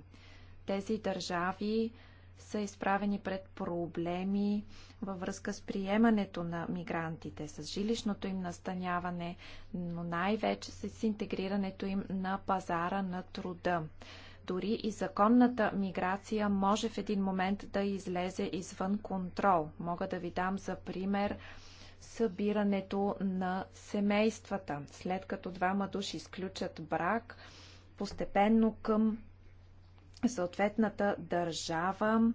Тези държави са изправени пред проблеми във връзка с приемането на мигрантите, с жилищното им настаняване, но най-вече с интегрирането им на пазара на труда. Дори и законната миграция може в един момент да излезе извън контрол. Мога да ви дам за пример събирането на семействата. След като двама души изключат брак, постепенно към съответната държава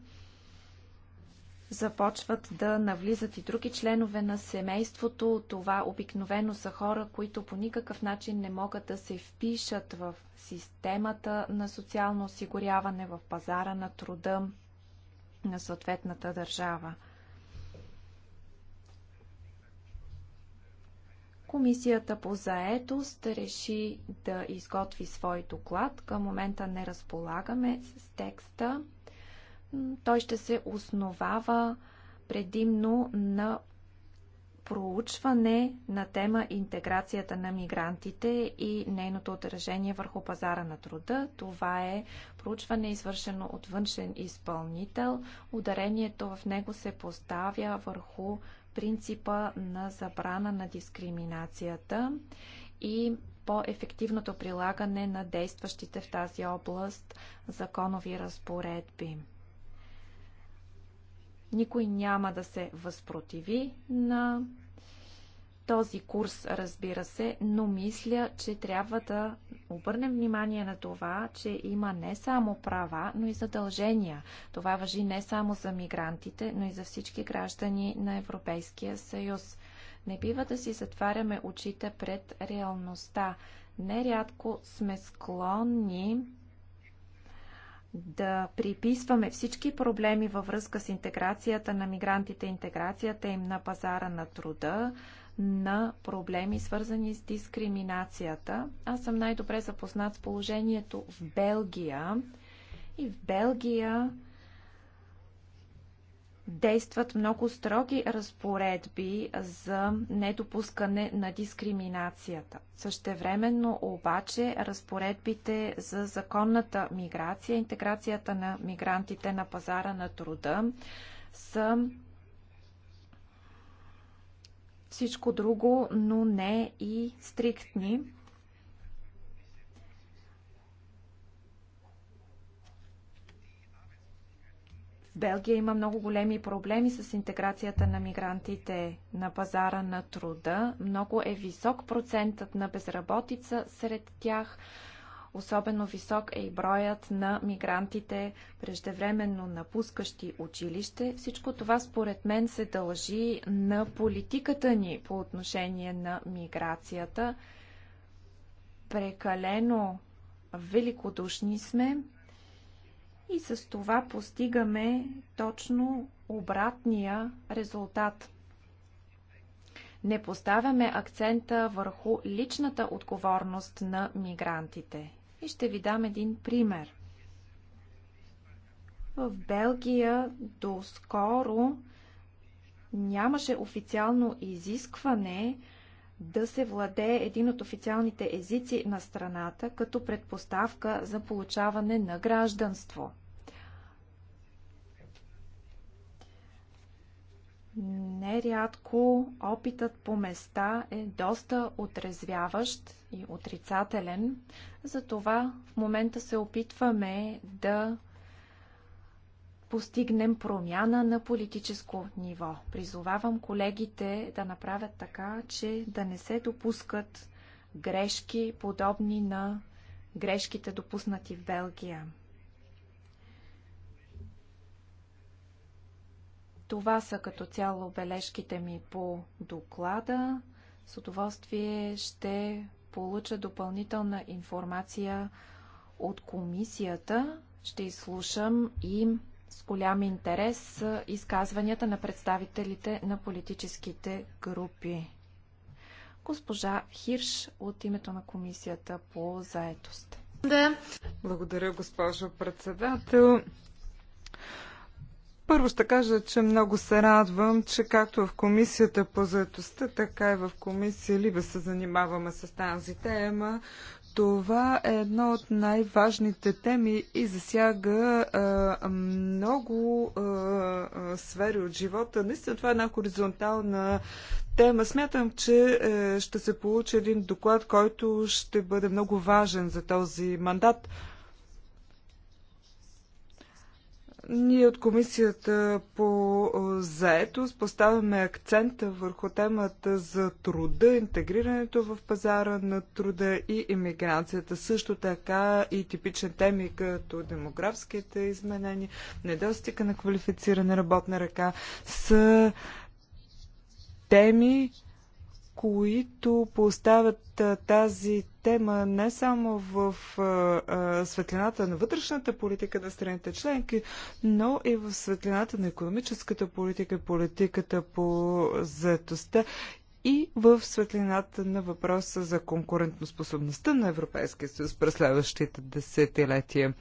започват да навлизат и други членове на семейството. Това обикновено са хора, които по никакъв начин не могат да се впишат в системата на социално осигуряване, в пазара на труда на съответната държава. Комисията по заетост реши да изготви свой доклад. Към момента не разполагаме с текста. Той ще се основава предимно на проучване на тема интеграцията на мигрантите и нейното отражение върху пазара на труда. Това е проучване, извършено от външен изпълнител. Ударението в него се поставя върху принципа на забрана на дискриминацията и по-ефективното прилагане на действащите в тази област законови разпоредби. Никой няма да се възпротиви на този курс, разбира се, но мисля, че трябва да обърнем внимание на това, че има не само права, но и задължения. Това въжи не само за мигрантите, но и за всички граждани на Европейския съюз. Не бива да си затваряме очите пред реалността. Нерядко сме склонни да приписваме всички проблеми във връзка с интеграцията на мигрантите, интеграцията им на пазара на труда, на проблеми, свързани с дискриминацията. Аз съм най-добре запознат с положението в Белгия. И в Белгия действат много строги разпоредби за недопускане на дискриминацията. Същевременно обаче разпоредбите за законната миграция, интеграцията на мигрантите на пазара на труда са всичко друго, но не и стриктни. В Белгия има много големи проблеми с интеграцията на мигрантите на пазара на труда. Много е висок процентът на безработица сред тях. Особено висок е и броят на мигрантите, преждевременно напускащи училище. Всичко това според мен се дължи на политиката ни по отношение на миграцията. Прекалено великодушни сме и с това постигаме точно обратния резултат. Не поставяме акцента върху личната отговорност на мигрантите. И ще ви дам един пример. В Белгия доскоро нямаше официално изискване да се владее един от официалните езици на страната като предпоставка за получаване на гражданство – Нерядко опитът по места е доста отрезвяващ и отрицателен, затова в момента се опитваме да постигнем промяна на политическо ниво. Призовавам колегите да направят така, че да не се допускат грешки, подобни на грешките допуснати в Белгия. Това са като цяло бележките ми по доклада. С удоволствие ще получа допълнителна информация от комисията. Ще изслушам и с голям интерес изказванията на представителите на политическите групи. Госпожа Хирш от името на комисията по заетост. Да. Благодаря, госпожо председател. Първо ще кажа, че много се радвам, че както в комисията по заедостта, така и в комисия Либе се занимаваме с тази тема. Това е една от най-важните теми и засяга а, много а, а, сфери от живота. Наистина това е една хоризонтална тема. Смятам, че а, е, ще се получи един доклад, който ще бъде много важен за този мандат. Ние от комисията по заетост поставяме акцента върху темата за труда, интегрирането в пазара на труда и иммиграцията. Също така и типични теми като демографските изменения, недостига на квалифицирана работна ръка са теми, които поставят тази тема не само в светлината на вътрешната политика на страните членки, но и в светлината на економическата политика, политиката по заетостта и в светлината на въпроса за конкурентоспособността на Европейския съюз през следващите десетилетия.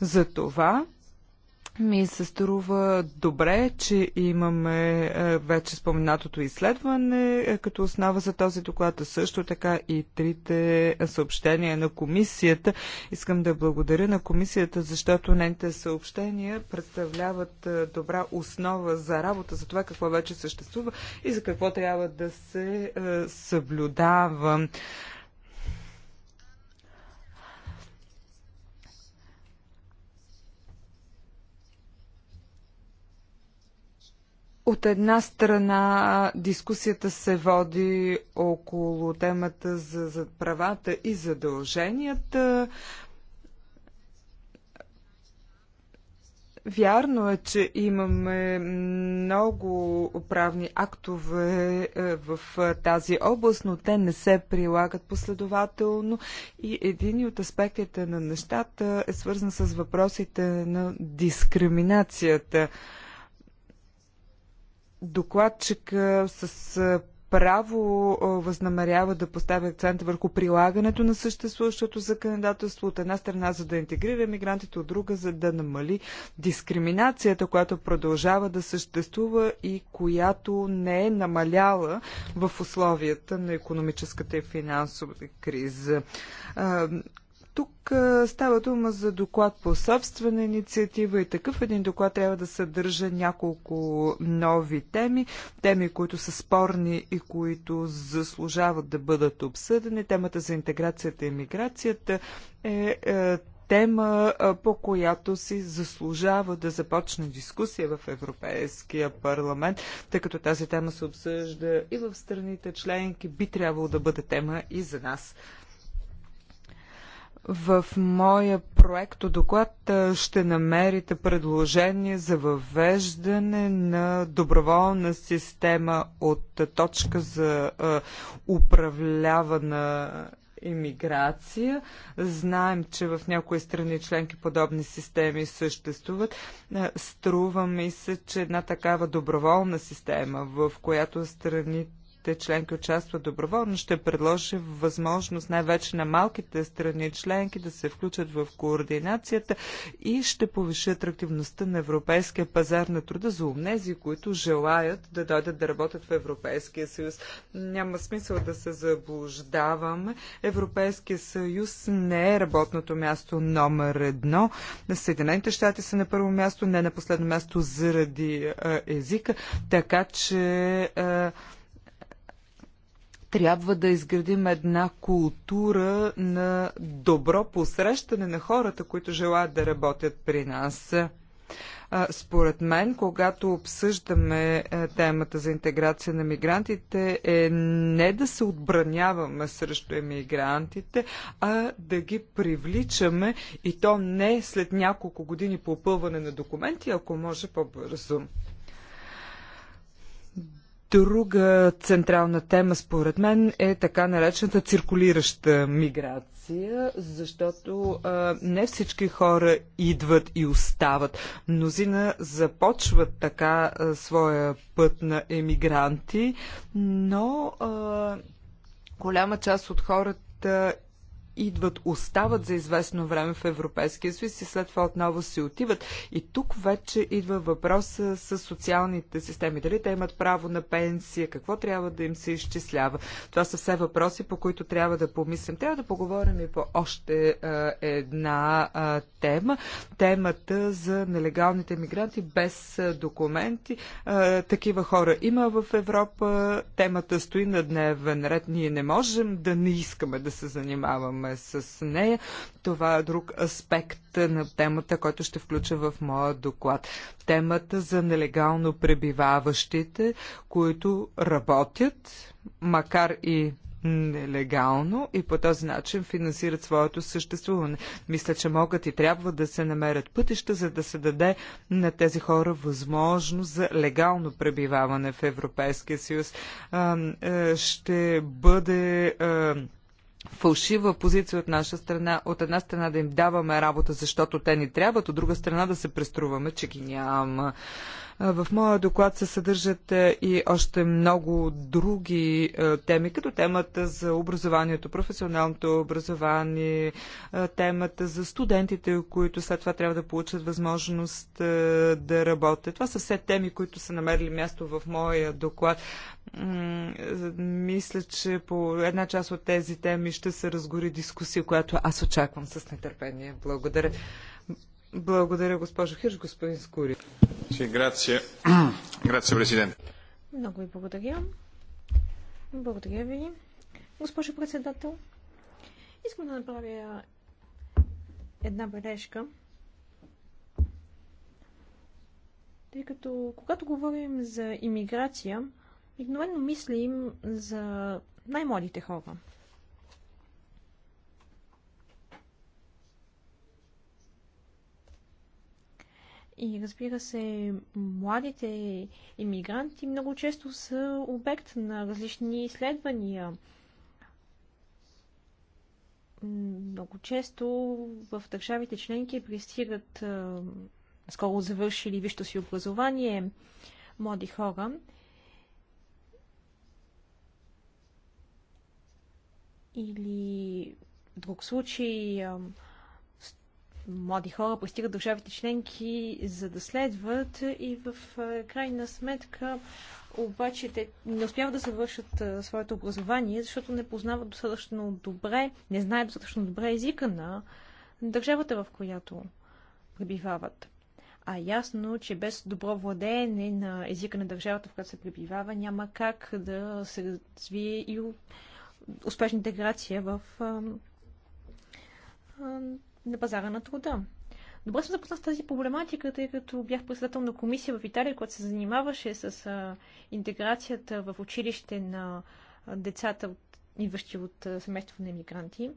За това ми се струва добре, че имаме е, вече споменатото изследване е, като основа за този доклад, а също така и трите съобщения на комисията. Искам да благодаря на комисията, защото нейните съобщения представляват е, добра основа за работа, за това какво вече съществува и за какво трябва да се съблюдава. От една страна дискусията се води около темата за, за правата и задълженията. Вярно е, че имаме много правни актове е, в тази област, но те не се прилагат последователно и един от аспектите на нещата е свързан с въпросите на дискриминацията докладчика с право възнамерява да поставя акцент върху прилагането на съществуващото законодателство от една страна, за да интегрира мигрантите, от друга, за да намали дискриминацията, която продължава да съществува и която не е намаляла в условията на економическата и финансова криза. Тук става дума за доклад по собствена инициатива и такъв един доклад трябва да съдържа няколко нови теми, теми, които са спорни и които заслужават да бъдат обсъдени. Темата за интеграцията и миграцията е, е тема, по която си заслужава да започне дискусия в Европейския парламент, тъй като тази тема се обсъжда и в страните членки, би трябвало да бъде тема и за нас. В моя проект доклад ще намерите предложение за въвеждане на доброволна система от точка за управлявана имиграция. Знаем, че в някои страни членки подобни системи съществуват. Струва ми се, че една такава доброволна система, в която страните държавите членки участват доброволно, ще предложи възможност най-вече на малките страни членки да се включат в координацията и ще повиши атрактивността на европейския пазар на труда за умнези, които желаят да дойдат да работят в Европейския съюз. Няма смисъл да се заблуждаваме. Европейския съюз не е работното място номер едно. Съединените щати са на първо място, не на последно място заради езика, така че трябва да изградим една култура на добро посрещане на хората, които желаят да работят при нас. Според мен, когато обсъждаме темата за интеграция на мигрантите, е не да се отбраняваме срещу емигрантите, а да ги привличаме и то не след няколко години попълване на документи, ако може по-бързо. Друга централна тема, според мен, е така наречената циркулираща миграция, защото а, не всички хора идват и остават. Мнозина започват така а, своя път на емигранти, но а, голяма част от хората идват, остават за известно време в Европейския съюз и след това отново си отиват. И тук вече идва въпроса с социалните системи. Дали те имат право на пенсия, какво трябва да им се изчислява. Това са все въпроси, по които трябва да помислим. Трябва да поговорим и по още а, една а, тема. Темата за нелегалните мигранти без а, документи. А, такива хора има в Европа. Темата стои на дневен ред. Ние не можем да не искаме да се занимаваме разполагаме с нея. Това е друг аспект на темата, който ще включа в моя доклад. Темата за нелегално пребиваващите, които работят, макар и нелегално и по този начин финансират своето съществуване. Мисля, че могат и трябва да се намерят пътища, за да се даде на тези хора възможност за легално пребиваване в Европейския съюз. Е, ще бъде фалшива позиция от наша страна. От една страна да им даваме работа, защото те ни трябват, от друга страна да се преструваме, че ги няма. В моя доклад се съдържат е, и още много други е, теми, като темата за образованието, професионалното образование, е, темата за студентите, които след това трябва да получат възможност да работят. Това са все теми, които са намерили място в моя доклад. Мисля, че по една част от тези теми ще се разгори дискусия, която аз очаквам с нетърпение. Благодаря. Благодаря, госпожо Хирш. Господин Скури. Грация. президент. Много ви благодаря. Благодаря ви. Госпожо председател, искам да направя една бележка. Тъй като когато говорим за иммиграция, обикновено мислим за най-младите хора. И разбира се, младите иммигранти много често са обект на различни изследвания. Много често в държавите членки пристигат скоро завършили вищо си образование млади хора. Или в друг случай млади хора пристигат държавите членки, за да следват и в крайна сметка обаче те не успяват да завършат своето образование, защото не познават достатъчно добре, не знаят достатъчно добре езика на държавата, в която пребивават. А ясно, че без добро владеене на езика на държавата, в която се пребивава, няма как да се развие и успешна интеграция в на пазара на труда. Добре съм запознат с тази проблематика, тъй като бях председател на комисия в Италия, която се занимаваше с а, интеграцията в училище на а, децата, от, идващи от семейство на емигранти.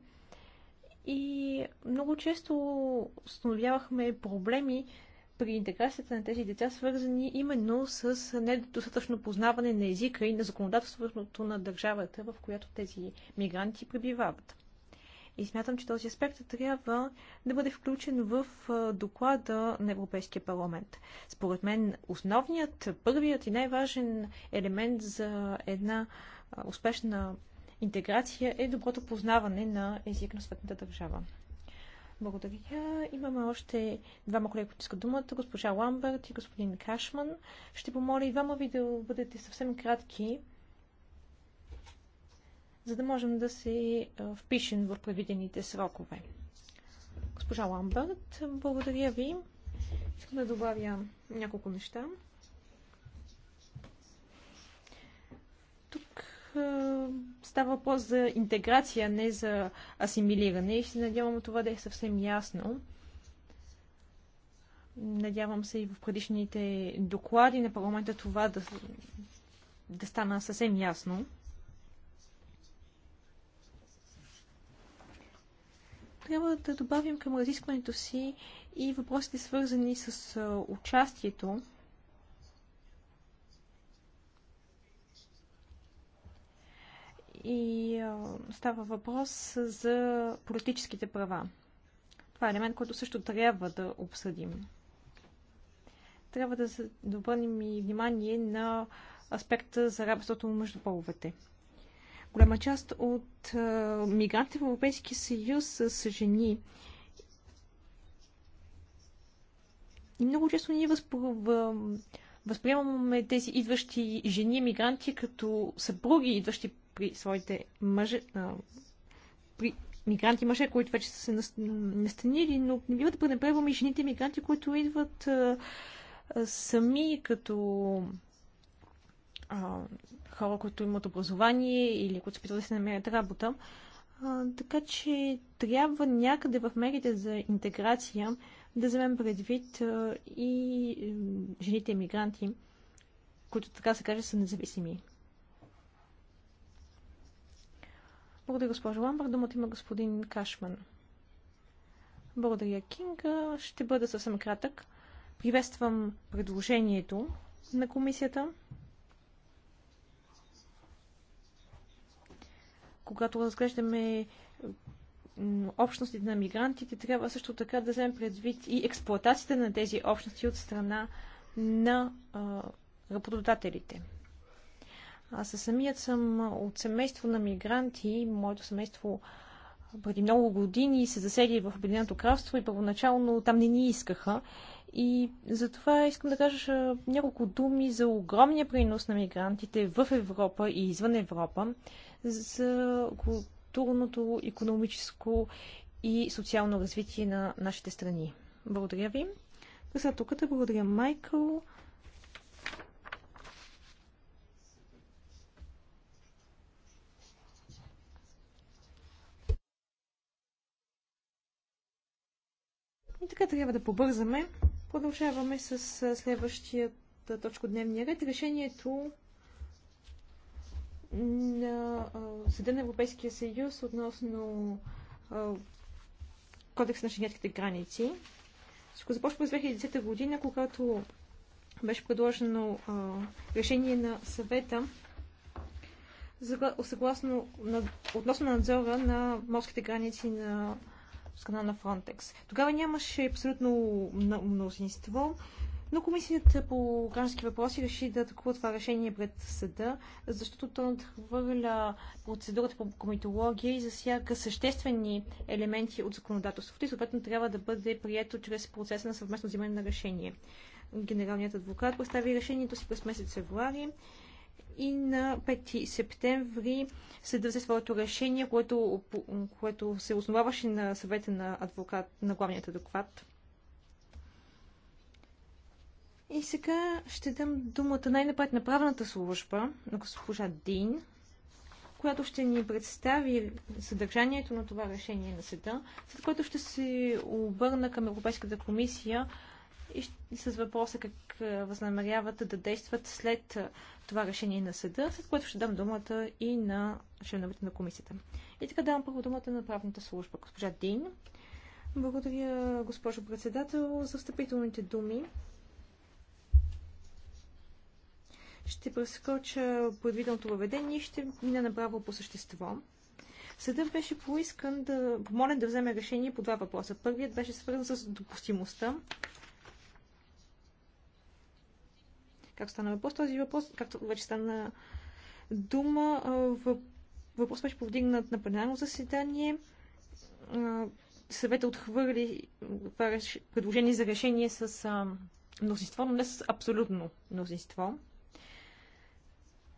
И много често установявахме проблеми при интеграцията на тези деца, свързани именно с недостатъчно познаване на езика и на законодателството на държавата, в която тези мигранти пребивават. И смятам, че този аспект трябва да бъде включен в доклада на Европейския парламент. Според мен основният, първият и най-важен елемент за една успешна интеграция е доброто познаване на език на съответната държава. Благодаря. Имаме още двама колеги, които искат думата. Госпожа Ламбърт и господин Кашман. Ще помоля и двама ви да бъдете съвсем кратки, за да можем да се впишем в предвидените срокове. Госпожа Ламбърт, благодаря ви. Искам да добавя няколко неща. Тук става въпрос за интеграция, не за асимилиране и се надявам това да е съвсем ясно. Надявам се и в предишните доклади на парламента това да, да стана съвсем ясно. трябва да добавим към разискването си и въпросите свързани с участието. И става въпрос за политическите права. Това е елемент, който също трябва да обсъдим. Трябва да обърнем и внимание на аспекта за работата между половете. Голяма част от мигрантите в Европейския съюз са жени. И много често ние възприемаме тези идващи жени мигранти като съпруги, идващи при своите мъже, а, при мигранти мъже, които вече са се настанили, но не бива да пренебрегваме и жените мигранти, които идват а, а, сами като а, хора, които имат образование или които се да се намерят работа. А, така че трябва някъде в мерите за интеграция да вземем предвид а, и жените емигранти, които така се каже са независими. Благодаря, госпожо Ламбър. Думата има господин Кашман. Благодаря, Кинга. Ще бъда съвсем кратък. Приветствам предложението на комисията. когато разглеждаме общностите на мигрантите, трябва също така да вземем предвид и експлоатацията на тези общности от страна на а, работодателите. Аз самият съм от семейство на мигранти. Моето семейство преди много години се засели в Обединеното кралство и първоначално там не ни искаха. И затова искам да кажа няколко думи за огромния принос на мигрантите в Европа и извън Европа за културното, економическо и социално развитие на нашите страни. Благодаря ви. За тук благодаря Майкъл. И така трябва да побързаме. Продължаваме с следващия точка дневния ред. Решението на Съда на Европейския съюз относно Кодекс на шенгенските граници. Всичко започва през 2010 година, когато беше предложено решение на съвета съгласно на, относно надзора на морските граници на страна на Фронтекс. Тогава нямаше абсолютно мнозинство. Но комисията по граждански въпроси реши да атакува това решение пред съда, защото то надхвърля процедурата по комитология и засяга съществени елементи от законодателството и съответно трябва да бъде прието чрез процеса на съвместно взимане на решение. Генералният адвокат представи решението си през месец февруари и на 5 септември се взе своето решение, което, което се основаваше на съвета на, адвокат, на главният адвокат и сега ще дам думата най-напред на правната служба на госпожа Дин, която ще ни представи съдържанието на това решение на съда, след което ще се обърна към Европейската комисия и с въпроса как възнамеряват да действат след това решение на съда, след което ще дам думата и на членовете на комисията. И така давам първо думата на правната служба, госпожа Дин. Благодаря, госпожо председател, за встъпителните думи. Ще прескоча предвиденото въведение и ще мина направо по същество. Съдът беше поискан да помолен да вземе решение по два въпроса. Първият беше свързан с допустимостта. Как стана въпрос? Този въпрос, както вече стана дума, въпрос беше повдигнат на пленарно заседание. Съвета отхвърли предложение за решение с мнозинство, но не с абсолютно мнозинство.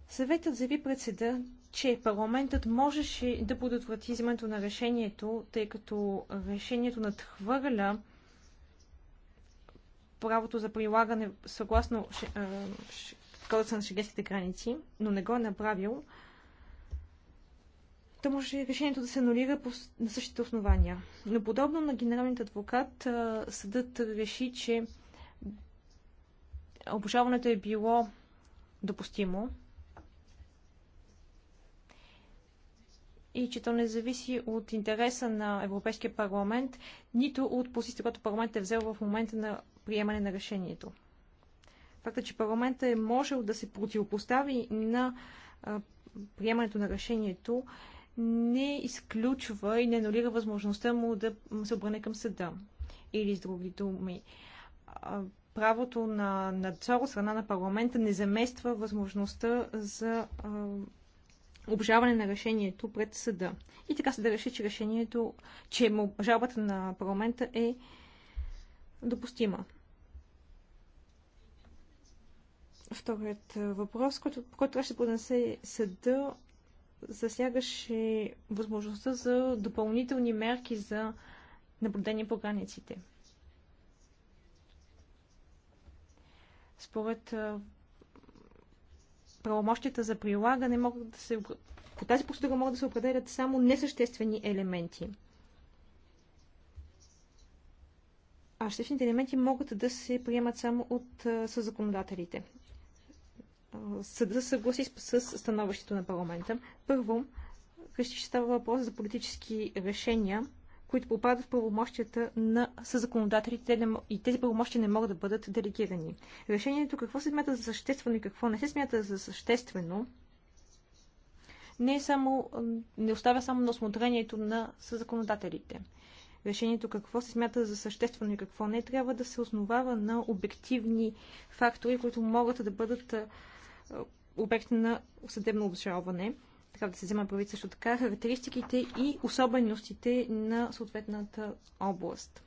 Съветът заяви пред съда, че парламентът можеше да предотврати взимането на решението, тъй като решението надхвърля правото за прилагане съгласно Кодекса на шенгенските граници, но не го е направил, то може решението да се анулира по, на същите основания. Но подобно на генералният адвокат, съдът реши, че обожаването е било допустимо, и че то не зависи от интереса на Европейския парламент, нито от позицията, която парламентът е взел в момента на приемане на решението. Факта, че парламентът е можел да се противопостави на приемането на решението, не изключва и не анулира възможността му да се обърне към съда. Или с други думи, правото на надзор от страна на парламента не замества възможността за а, обжаване на решението пред съда. И така се да реши, че решението, че жалбата на парламента е допустима. Вторият въпрос, който, по който трябваше да поднесе съда, засягаше възможността за допълнителни мерки за наблюдение по границите. Според правомощията за прилагане могат да се... По тази процедура могат да се определят само несъществени елементи. А съществените елементи могат да се приемат само от съзаконодателите. Съда да съгласи с становището на парламента. Първо, къщи ще става въпрос за политически решения, които попадат в правомощията на съзаконодателите и тези правомощия не могат да бъдат делегирани. Решението какво се смята за съществено и какво не се смята за съществено не, е само, не оставя само на осмотрението на съзаконодателите. Решението какво се смята за съществено и какво не трябва да се основава на обективни фактори, които могат да бъдат обект на съдебно обжалване така да се взема прави също така характеристиките и особеностите на съответната област.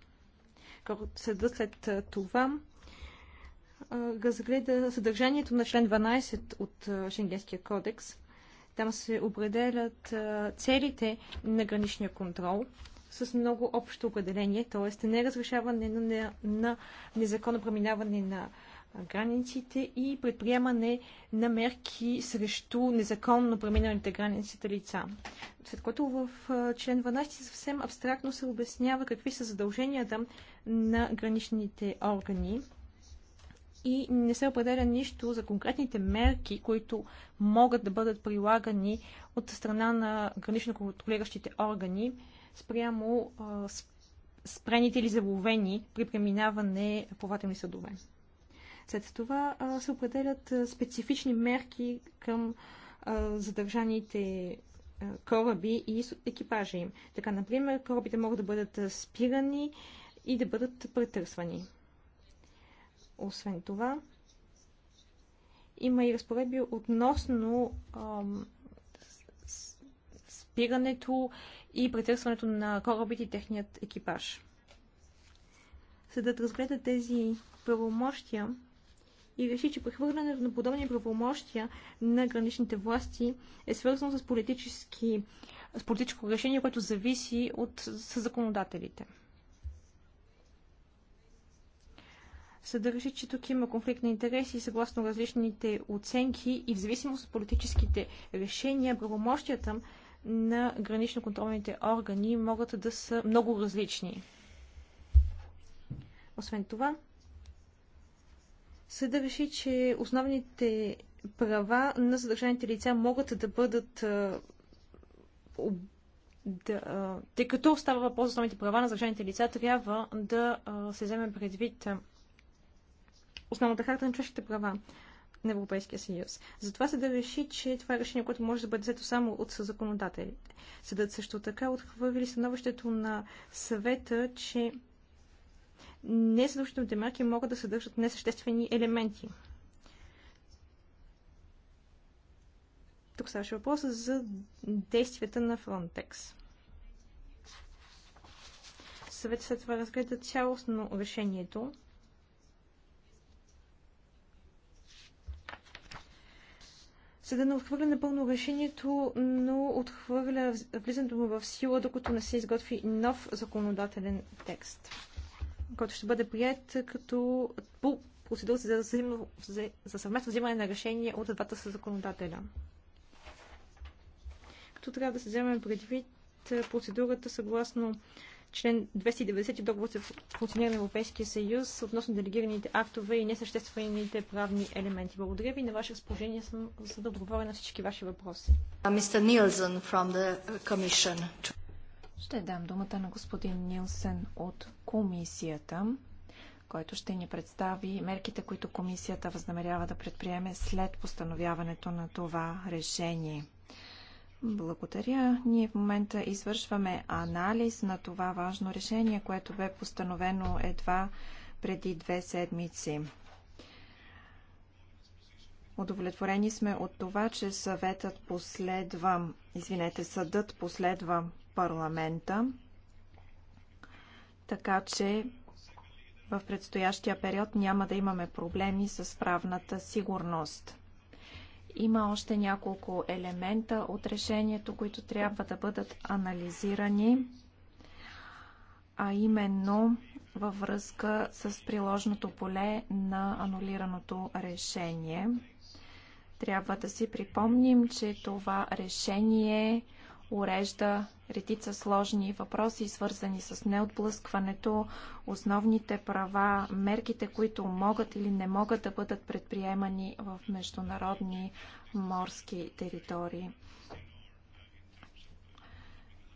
Съдът след това разгледа съдържанието на член 12 от Шенгенския кодекс. Там се определят целите на граничния контрол с много общо определение, т.е. неразрешаване на, на, на незаконно преминаване на границите и предприемане на мерки срещу незаконно преминалите границите лица. След което в член 12 съвсем абстрактно се обяснява какви са задълженията на граничните органи и не се определя нищо за конкретните мерки, които могат да бъдат прилагани от страна на гранично контролиращите органи спрямо спрените или заловени при преминаване плавателни съдове. След това се определят специфични мерки към задържаните кораби и екипажа им. Така, например, корабите могат да бъдат спирани и да бъдат претърсвани. Освен това, има и разпоредби относно спирането и претърсването на корабите и техният екипаж. Съдът да разгледа тези правомощия и реши, че прехвърлянето на подобни правомощия на граничните власти е свързано с, политически, с политическо решение, което зависи от с законодателите. Съдържа, че тук има конфликт на интереси съгласно различните оценки и в зависимост от политическите решения, правомощията на гранично-контролните органи могат да са много различни. Освен това, Съда реши, че основните права на задържаните лица могат да бъдат да, тъй като става въпрос за основните права на задържаните лица, трябва да се вземе предвид основната харта на човешките права на Европейския съюз. Затова се да реши, че това е решение, което може да бъде взето само от законодателите. Съдът също така отхвърли становището на съвета, че незадължителните марки могат да съдържат несъществени елементи. Тук ставаше въпроса за действията на Frontex. Съвет след това разгледа цялостно решението. Съда не отхвърля напълно решението, но отхвърля влизането му в сила, докато не се изготви нов законодателен текст който ще бъде прият като по процедура за, взаимно, за съвместно взимане на решение от двата са законодателя. Като трябва да се вземем предвид е, процедурата съгласно член 290 договор за функциониране на Европейския съюз относно делегираните актове и несъществените правни елементи. Благодаря ви. На ваше разположение съм за да отговоря на всички ваши въпроси. Мистер Нилсън from the Commission. Ще дам думата на господин Нилсен от комисията, който ще ни представи мерките, които комисията възнамерява да предприеме след постановяването на това решение. Благодаря. Ние в момента извършваме анализ на това важно решение, което бе постановено едва преди две седмици. Удовлетворени сме от това, че съветът последва, извинете, съдът последва парламента, така че в предстоящия период няма да имаме проблеми с правната сигурност. Има още няколко елемента от решението, които трябва да бъдат анализирани, а именно във връзка с приложното поле на анулираното решение – трябва да си припомним, че това решение урежда редица сложни въпроси, свързани с неотблъскването, основните права, мерките, които могат или не могат да бъдат предприемани в международни морски територии.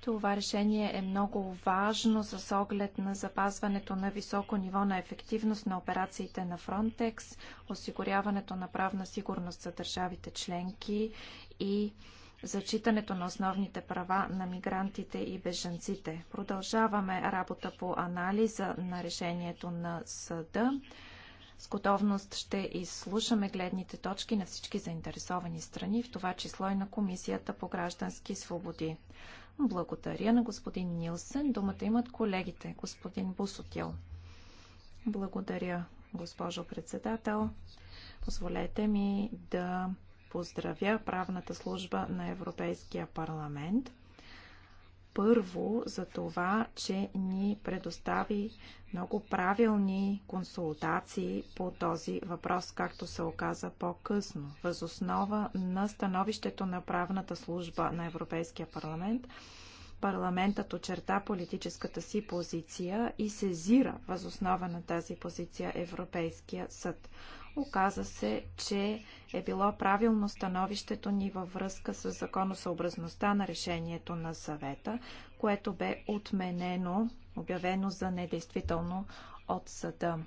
Това решение е много важно с оглед на запазването на високо ниво на ефективност на операциите на Frontex, осигуряването на правна сигурност за държавите членки и зачитането на основните права на мигрантите и бежанците. Продължаваме работа по анализа на решението на съда. С готовност ще изслушаме гледните точки на всички заинтересовани страни, в това число и на Комисията по граждански свободи. Благодаря на господин Нилсен. Думата имат колегите. Господин Бусотил. Благодаря, госпожо председател. Позволете ми да поздравя правната служба на Европейския парламент – първо за това, че ни предостави много правилни консултации по този въпрос, както се оказа по-късно. Възоснова на становището на правната служба на Европейския парламент, парламентът очерта политическата си позиция и сезира възоснова на тази позиция Европейския съд. Оказа се, че е било правилно становището ни във връзка с законосъобразността на решението на съвета, което бе отменено, обявено за недействително от съда.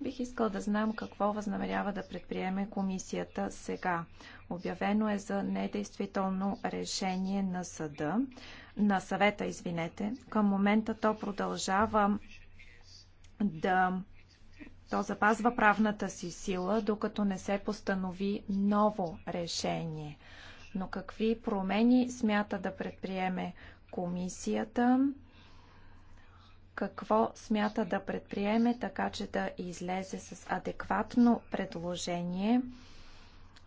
Бих искал да знам какво възнамерява да предприеме комисията сега. Обявено е за недействително решение на съда, на съвета, извинете. Към момента то продължава да то запазва правната си сила, докато не се постанови ново решение. Но какви промени смята да предприеме комисията? Какво смята да предприеме, така че да излезе с адекватно предложение?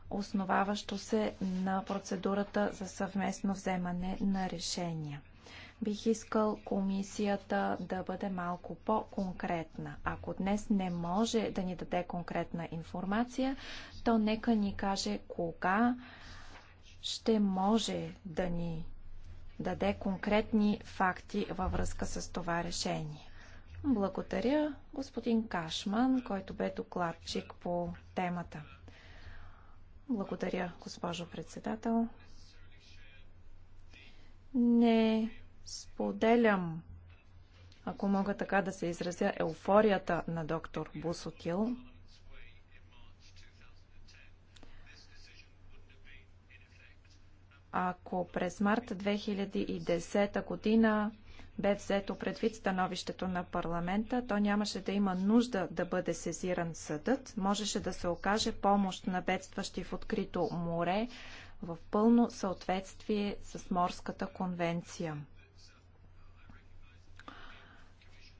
основаващо се на процедурата за съвместно вземане на решения. Бих искал комисията да бъде малко по-конкретна. Ако днес не може да ни даде конкретна информация, то нека ни каже кога ще може да ни даде конкретни факти във връзка с това решение. Благодаря господин Кашман, който бе докладчик по темата. Благодаря, госпожо председател. Не Споделям, ако мога така да се изразя, еуфорията на доктор Бусотил. Ако през март 2010 година бе взето предвид становището на парламента, то нямаше да има нужда да бъде сезиран съдът. Можеше да се окаже помощ на бедстващи в открито море в пълно съответствие с Морската конвенция.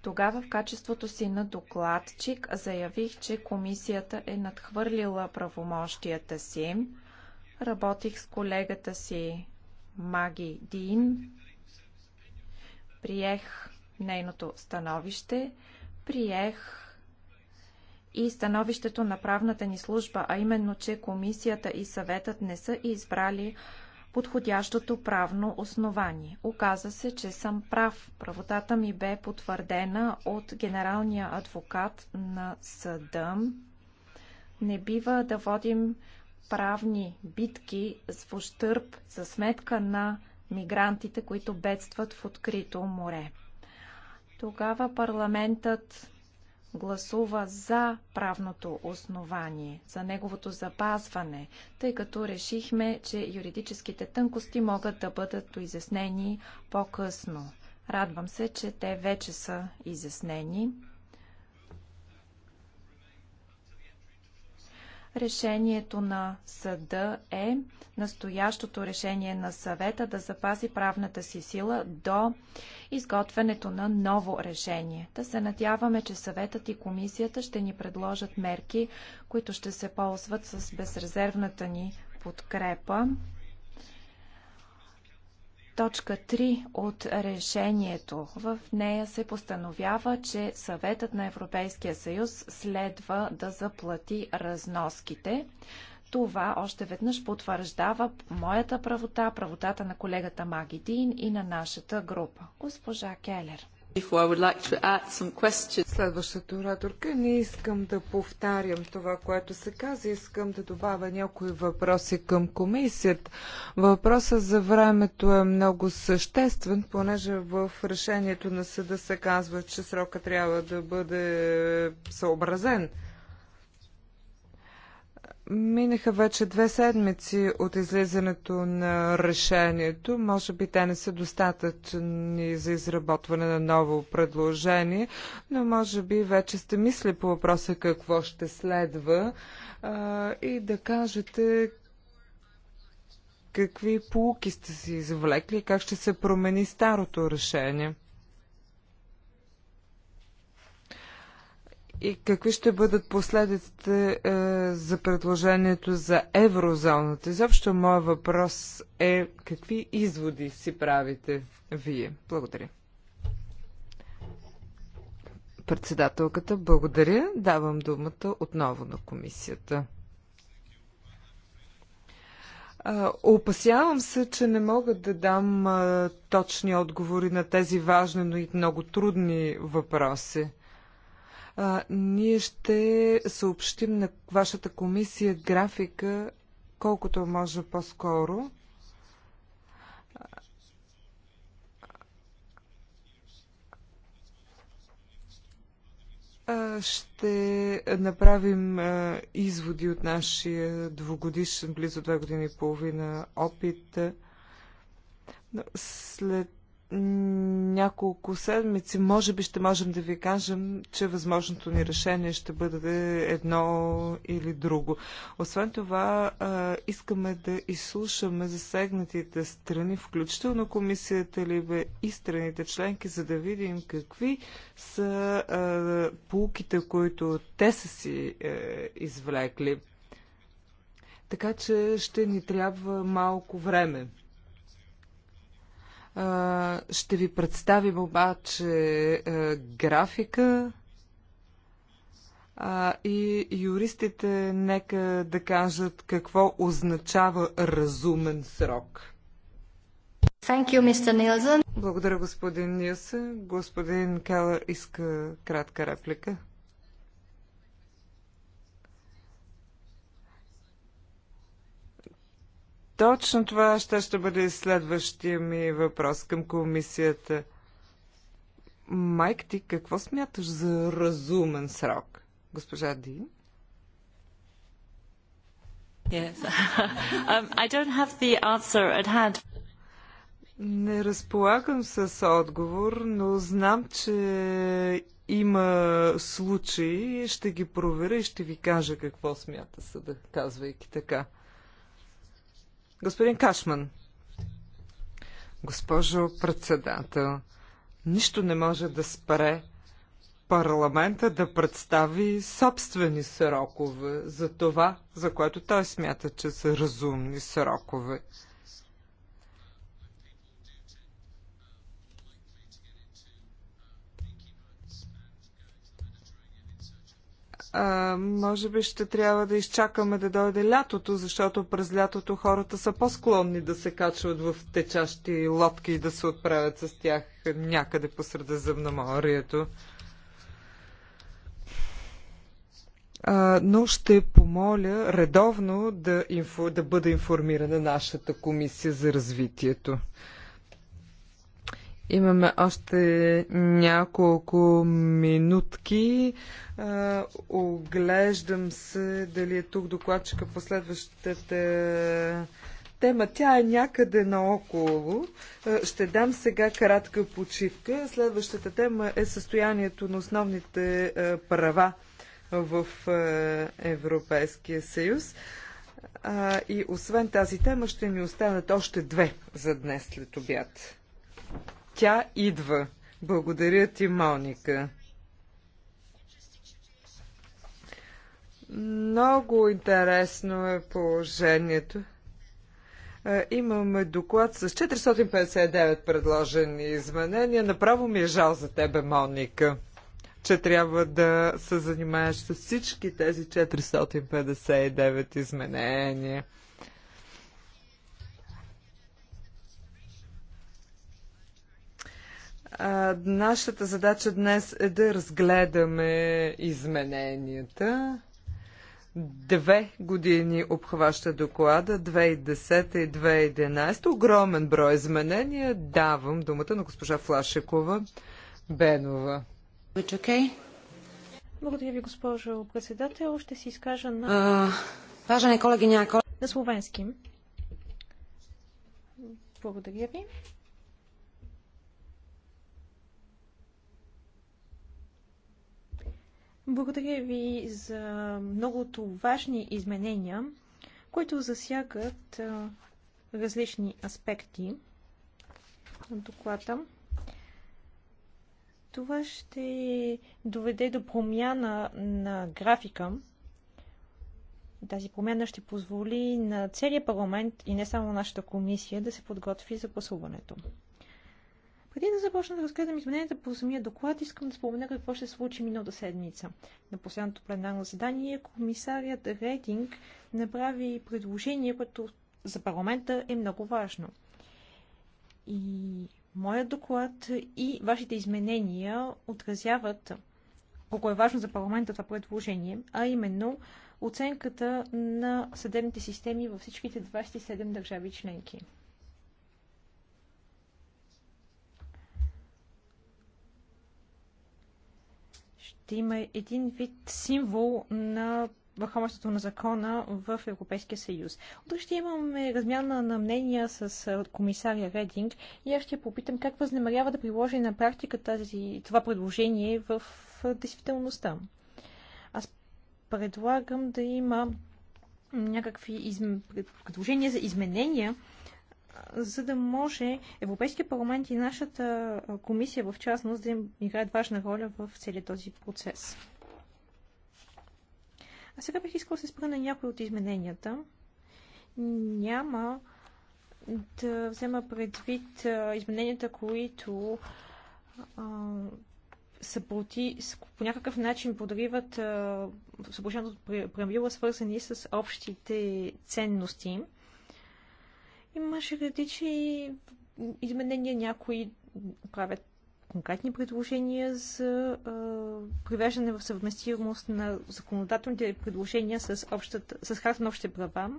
Тогава в качеството си на докладчик заявих, че комисията е надхвърлила правомощията си. Работих с колегата си Маги Дин. Приех нейното становище. Приех и становището на правната ни служба, а именно, че комисията и съветът не са избрали подходящото правно основание. Оказа се, че съм прав. Правотата ми бе потвърдена от генералния адвокат на съда. Не бива да водим правни битки с вощърп за сметка на мигрантите, които бедстват в открито море. Тогава парламентът гласува за правното основание, за неговото запазване, тъй като решихме, че юридическите тънкости могат да бъдат изяснени по-късно. Радвам се, че те вече са изяснени. Решението на съда е настоящото решение на съвета да запази правната си сила до изготвянето на ново решение. Да се надяваме, че съветът и комисията ще ни предложат мерки, които ще се ползват с безрезервната ни подкрепа. Точка 3 от решението. В нея се постановява, че съветът на Европейския съюз следва да заплати разноските. Това още веднъж потвърждава моята правота, правотата на колегата Магидин и на нашата група. Госпожа Келер. Следващата ораторка не искам да повтарям това, което се каза. Искам да добавя някои въпроси към комисията. Въпросът за времето е много съществен, понеже в решението на съда се казва, че срока трябва да бъде съобразен Минаха вече две седмици от излизането на решението. Може би те не са достатъчни за изработване на ново предложение, но може би вече сте мисли по въпроса какво ще следва а, и да кажете какви полуки сте си извлекли и как ще се промени старото решение. и какви ще бъдат последиците е, за предложението за еврозоната? Изобщо моят въпрос е какви изводи си правите вие? Благодаря. Председателката, благодаря. Давам думата отново на комисията. Опасявам се, че не мога да дам точни отговори на тези важни, но и много трудни въпроси. А, ние ще съобщим на вашата комисия графика колкото може по-скоро. Ще направим изводи от нашия двугодишен, близо две години и половина опит. След няколко седмици, може би ще можем да ви кажем, че възможното ни решение ще бъде едно или друго. Освен това, искаме да изслушаме засегнатите страни, включително комисията бе и страните членки, за да видим какви са полуките, които те са си е, извлекли. Така че ще ни трябва малко време. Ще ви представим обаче графика и юристите нека да кажат какво означава разумен срок. Thank you, Mr. Nielsen. Благодаря, господин Нилсен. Господин Келър иска кратка реплика. Точно това ще, ще бъде следващия ми въпрос към комисията. Майк, ти какво смяташ за разумен срок? Госпожа Ди? Yes. um, I don't have the answer at hand. Не разполагам с отговор, но знам, че има случаи. Ще ги проверя и ще ви кажа какво смята съда, казвайки така. Господин Кашман. Госпожо председател, нищо не може да спре парламента да представи собствени срокове за това, за което той смята, че са разумни срокове. А, може би ще трябва да изчакаме да дойде лятото, защото през лятото хората са по-склонни да се качват в течащи лодки и да се отправят с тях някъде по Средиземноморието. но ще помоля редовно да, инфо, да бъде информирана нашата комисия за развитието. Имаме още няколко минутки. оглеждам се дали е тук докладчика по следващата тема. Тя е някъде наоколо. Ще дам сега кратка почивка. Следващата тема е състоянието на основните права в Европейския съюз. А, и освен тази тема ще ни останат още две за днес след обяд. Тя идва. Благодаря ти, Моника. Много интересно е положението. Имаме доклад с 459 предложени изменения. Направо ми е жал за тебе, Моника, че трябва да се занимаеш с всички тези 459 изменения. А, нашата задача днес е да разгледаме измененията. Две години обхваща доклада, 2010 и 2011. Огромен брой изменения. Давам думата на госпожа Флашекова Бенова. Okay. Благодаря ви, госпожо председател. Ще си изкажа на... Uh, важен е колегиня. На словенски. Благодаря ви. Благодаря ви за многото важни изменения, които засягат различни аспекти на доклада. Това ще доведе до промяна на графика. Тази промяна ще позволи на целия парламент и не само нашата комисия да се подготви за гласуването. Преди да започна да разгледам измененията по самия доклад, искам да спомена какво ще случи миналата седмица. На последното пленарно задание комисарият Рейтинг направи предложение, което за парламента е много важно. И моят доклад и вашите изменения отразяват колко е важно за парламента това предложение, а именно оценката на съдебните системи във всичките 27 държави членки. да има един вид символ на върховенството на закона в Европейския съюз. Утре ще имаме размяна на мнения с комисаря Рединг и аз ще попитам как възнамерява да приложи на практика тази, това предложение в действителността. Аз предлагам да има някакви изм... предложения за изменения за да може Европейския парламент и нашата комисия в частност да играят важна роля в целият този процес. А сега бих искал да се спра на някои от измененията. Няма да взема предвид измененията, които са проти, по някакъв начин подриват съобщеното правила, свързани с общите ценности. Имаше различни изменения, някои правят конкретни предложения за а, привеждане в съвместимост на законодателните предложения с, общата, с харта на общите права.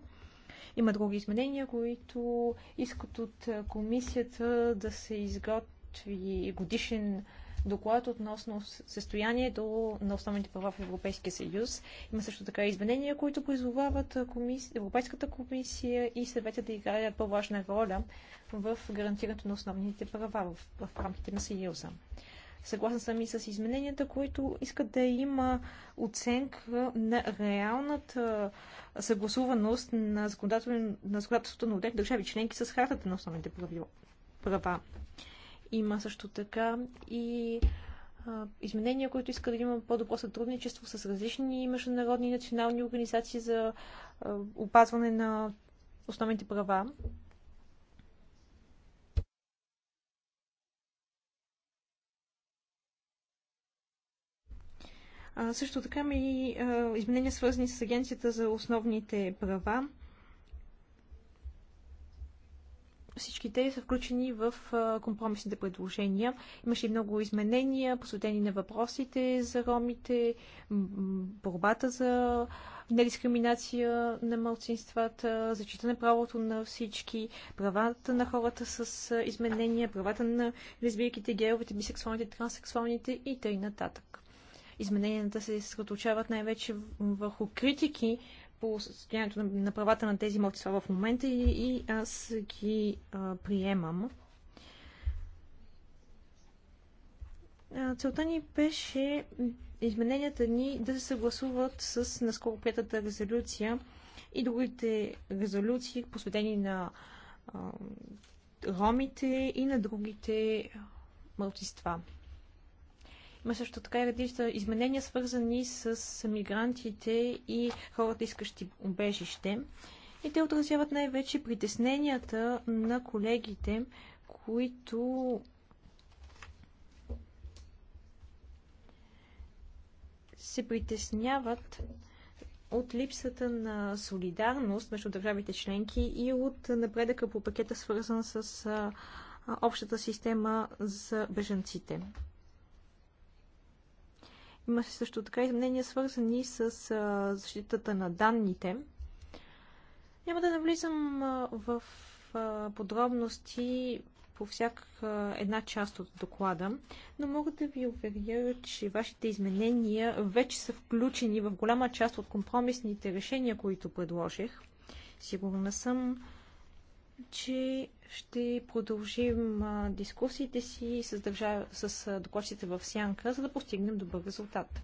Има други изменения, които искат от комисията да се изготви годишен доклад относно състоянието на основните права в Европейския съюз. Има също така изменения, които призовават Европейската комисия и съвета да играят по-важна роля в гарантирането на основните права в, в рамките на съюза. Съгласна съм и с измененията, които искат да има оценка на реалната съгласуваност на законодателството на отделни държави членки с хартата на основните права. Има също така и изменения, които иска да има по-добро сътрудничество с различни международни и национални организации за опазване на основните права. Също така има и изменения свързани с Агенцията за основните права. Всички те са включени в компромисните предложения. Имаше и много изменения, посветени на въпросите за ромите, борбата за недискриминация на малцинствата, зачитане правото на всички, правата на хората с изменения, правата на лесбийките, геовете, бисексуалните, транссексуалните и т.н. Измененията се съсредоточават най-вече върху критики по състоянието на правата на тези мълчества в момента и, и аз ги а, приемам. Целта ни беше измененията ни да се съгласуват с наскоро приятата резолюция и другите резолюции, посветени на а, ромите и на другите мълтиства. Има също така и редица изменения, свързани с мигрантите и хората, искащи убежище. И те отразяват най-вече притесненията на колегите, които се притесняват от липсата на солидарност между държавите членки и от напредъка по пакета, свързан с общата система за беженците. Има се също така изменения, свързани с защитата на данните. Няма да навлизам в подробности по всяка една част от доклада, но мога да ви уверя, че вашите изменения вече са включени в голяма част от компромисните решения, които предложих. Сигурна съм, че ще продължим дискусиите си с, държав... с докладчите в сянка, за да постигнем добър резултат.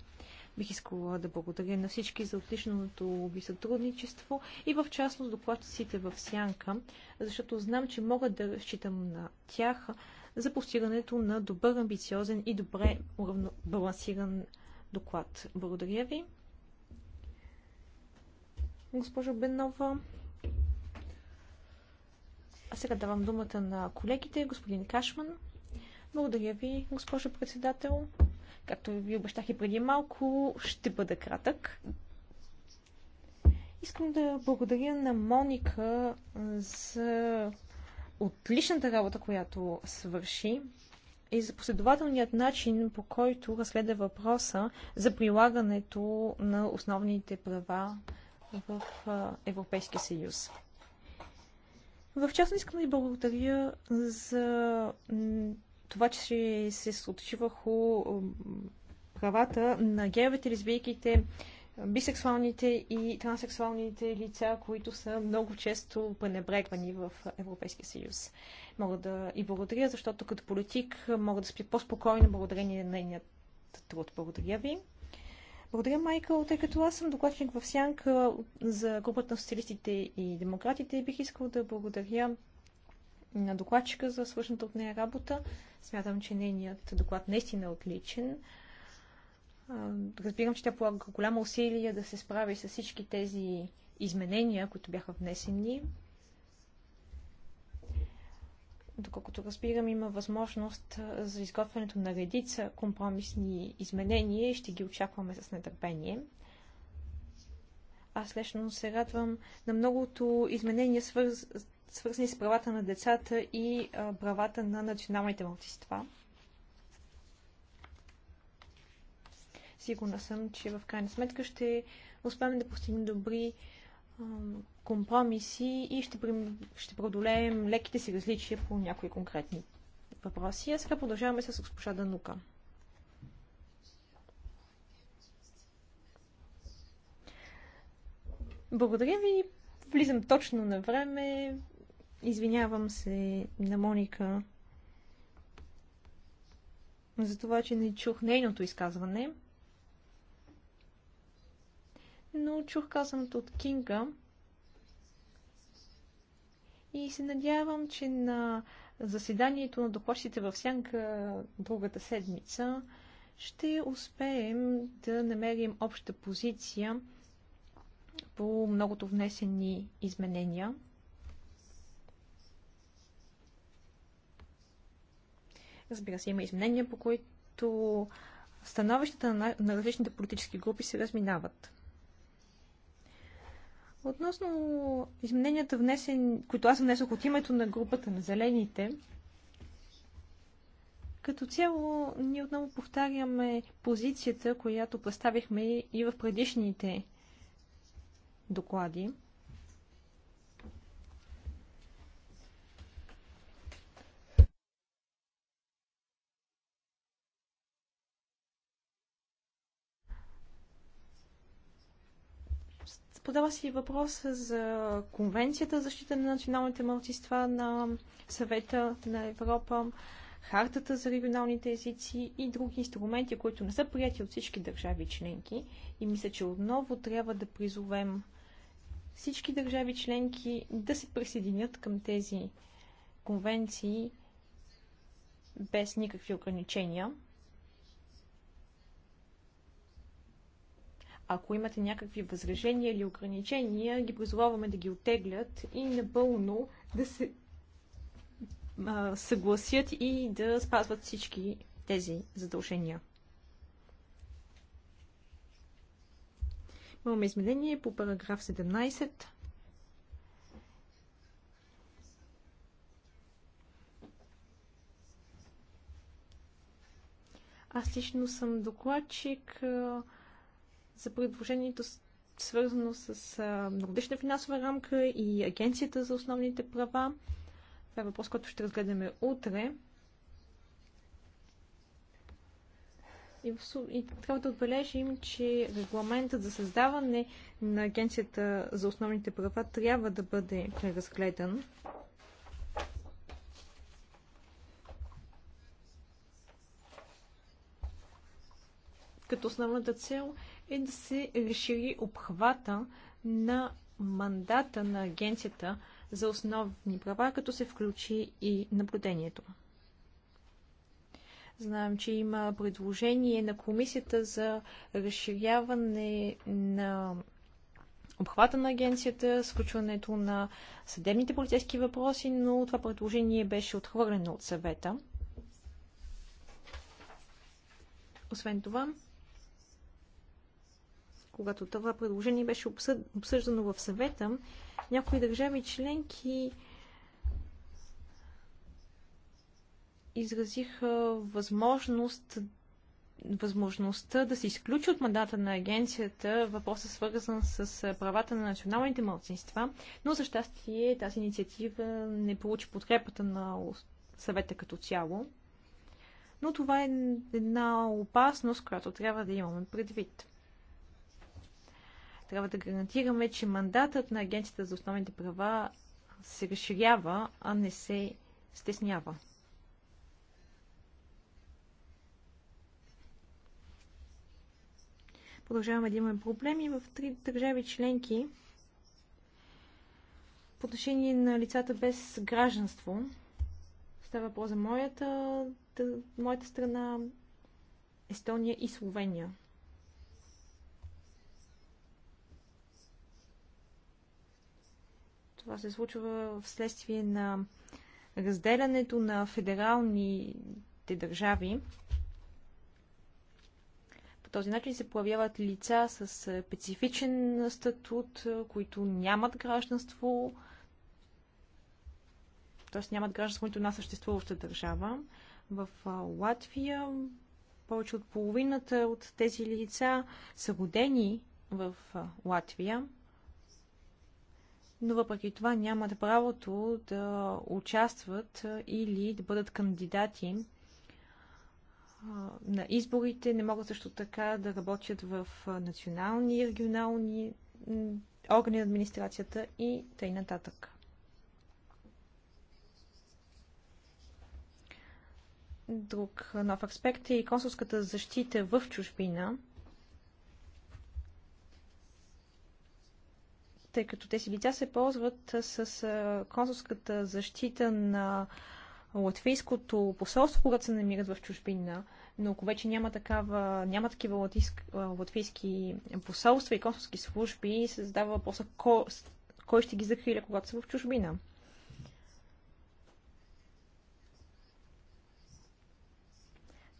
Бих искала да благодаря на всички за отличното ви сътрудничество и в частност докладчиците в сянка, защото знам, че мога да разчитам на тях за постигането на добър, амбициозен и добре балансиран доклад. Благодаря ви. Госпожо Бенова, а сега давам думата на колегите. Господин Кашман. Благодаря ви, госпожо председател. Както ви обещах и преди малко, ще бъда кратък. Искам да благодаря на Моника за отличната работа, която свърши и за последователният начин, по който разгледа въпроса за прилагането на основните права в Европейския съюз. В частност искам да ви благодаря за това, че се случи върху правата на геовете, лесбийките, бисексуалните и транссексуалните лица, които са много често пренебрегвани в Европейския съюз. Мога да и благодаря, защото като политик мога да спи по-спокойно благодарение на нейният труд. Благодаря ви. Благодаря, Майкъл. Тъй като аз съм докладчик в Сянка за групата на социалистите и демократите, бих искал да благодаря на докладчика за свършната от нея работа. Смятам, че нейният доклад наистина е отличен. Разбирам, че тя полага голяма усилие да се справи с всички тези изменения, които бяха внесени доколкото разбирам, има възможност за изготвянето на редица компромисни изменения и ще ги очакваме с нетърпение. Аз лично се радвам на многото изменения, свърз... свързани с правата на децата и а, правата на националните младсиства. Сигурна съм, че в крайна сметка ще успеем да постигнем добри компромиси и ще, ще продолеем леките си различия по някои конкретни въпроси. А сега продължаваме с госпожа Данука. Благодаря ви. Влизам точно на време. Извинявам се на Моника за това, че не чух нейното изказване. Но чух казаното от Кинга и се надявам, че на заседанието на докладчите в Сянка другата седмица ще успеем да намерим обща позиция по многото внесени изменения. Разбира се, има изменения, по които становищата на различните политически групи се разминават. Относно измененията, внесени, които аз внесох от името на групата на зелените, като цяло ние отново повтаряме позицията, която представихме и в предишните доклади. Задава си въпрос за Конвенцията за защита на националните малцинства на съвета на Европа, Хартата за регионалните езици и други инструменти, които не са прияти от всички държави членки. И мисля, че отново трябва да призовем всички държави членки да се присъединят към тези конвенции без никакви ограничения. Ако имате някакви възражения или ограничения, ги призоваваме да ги отеглят и напълно да се а, съгласят и да спазват всички тези задължения. Имаме изменение по параграф 17. Аз лично съм докладчик за предложението свързано с Нордична финансова рамка и Агенцията за основните права. Това е въпрос, който ще разгледаме утре. И, и трябва да отбележим, че регламентът за създаване на Агенцията за основните права трябва да бъде преразгледан. Като основната цел е да се разшири обхвата на мандата на Агенцията за основни права, като се включи и наблюдението. Знаем, че има предложение на комисията за разширяване на обхвата на агенцията, сключването на съдебните полицейски въпроси, но това предложение беше отхвърлено от съвета. Освен това, когато това предложение беше обсъждано в съвета, някои държави членки изразиха възможност възможността да се изключи от мандата на агенцията въпроса свързан с правата на националните малцинства, но за щастие тази инициатива не получи подкрепата на съвета като цяло. Но това е една опасност, която трябва да имаме предвид. Трябва да гарантираме, че мандатът на Агенцията за основните права се разширява, а не се стеснява. Продължаваме да имаме проблеми в три държави членки по отношение на лицата без гражданство. Става въпрос за моята, моята страна, Естония и Словения. Това се случва вследствие на разделянето на федералните държави. По този начин се появяват лица с специфичен статут, които нямат гражданство, т.е. нямат гражданство които на съществуваща държава. В Латвия повече от половината от тези лица са родени в Латвия но въпреки това нямат правото да участват или да бъдат кандидати на изборите, не могат също така да работят в национални и регионални органи на администрацията и т.н. нататък. Друг нов аспект е и консулската защита в чужбина – тъй като тези лица се ползват с консулската защита на латвийското посолство, когато се намират в чужбина, но ако вече няма, такава, няма такива латвийски, посолства и консулски служби, се задава въпроса кой, кой ще ги закриля, когато са в чужбина.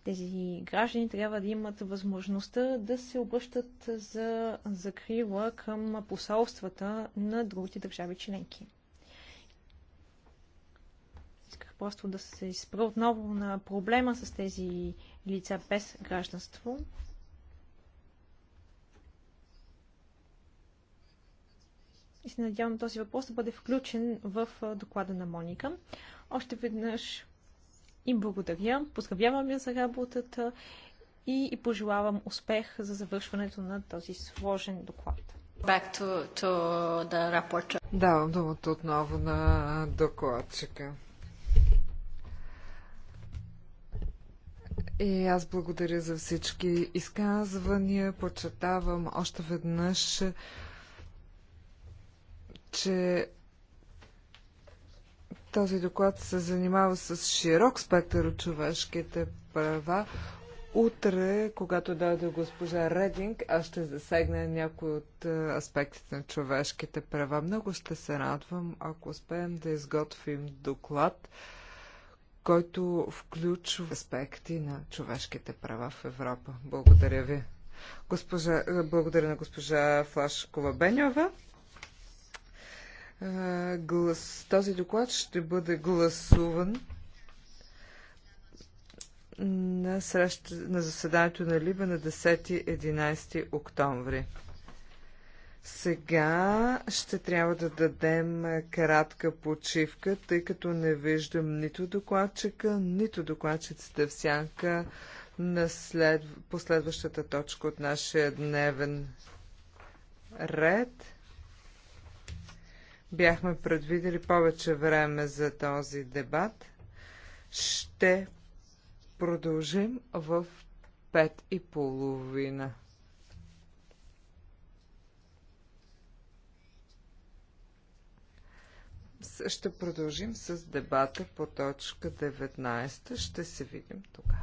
Тези граждани трябва да имат възможността да се обръщат за закрила към посолствата на другите държави членки. Исках просто да се изпра отново на проблема с тези лица без гражданство. и се надявам този въпрос да бъде включен в доклада на Моника. Още веднъж им благодаря, поздравявам я за работата и, и пожелавам успех за завършването на този сложен доклад. Back to, to the report. Давам думата отново на докладчика. И аз благодаря за всички изказвания. Подчертавам още веднъж, че този доклад се занимава с широк спектър от човешките права. Утре, когато дойде госпожа Рединг, аз ще засегна някои от е, аспектите на човешките права. Много ще се радвам, ако успеем да изготвим доклад, който включва аспекти на човешките права в Европа. Благодаря ви. Госпожа, е, благодаря на госпожа Флашкова Бенева глас, този доклад ще бъде гласуван на, среща, на заседанието на Либа на 10-11 октомври. Сега ще трябва да дадем кратка почивка, тъй като не виждам нито докладчика, нито докладчицата в сянка на след... последващата точка от нашия дневен ред бяхме предвидели повече време за този дебат. Ще продължим в пет и половина. Ще продължим с дебата по точка 19. Ще се видим тогава.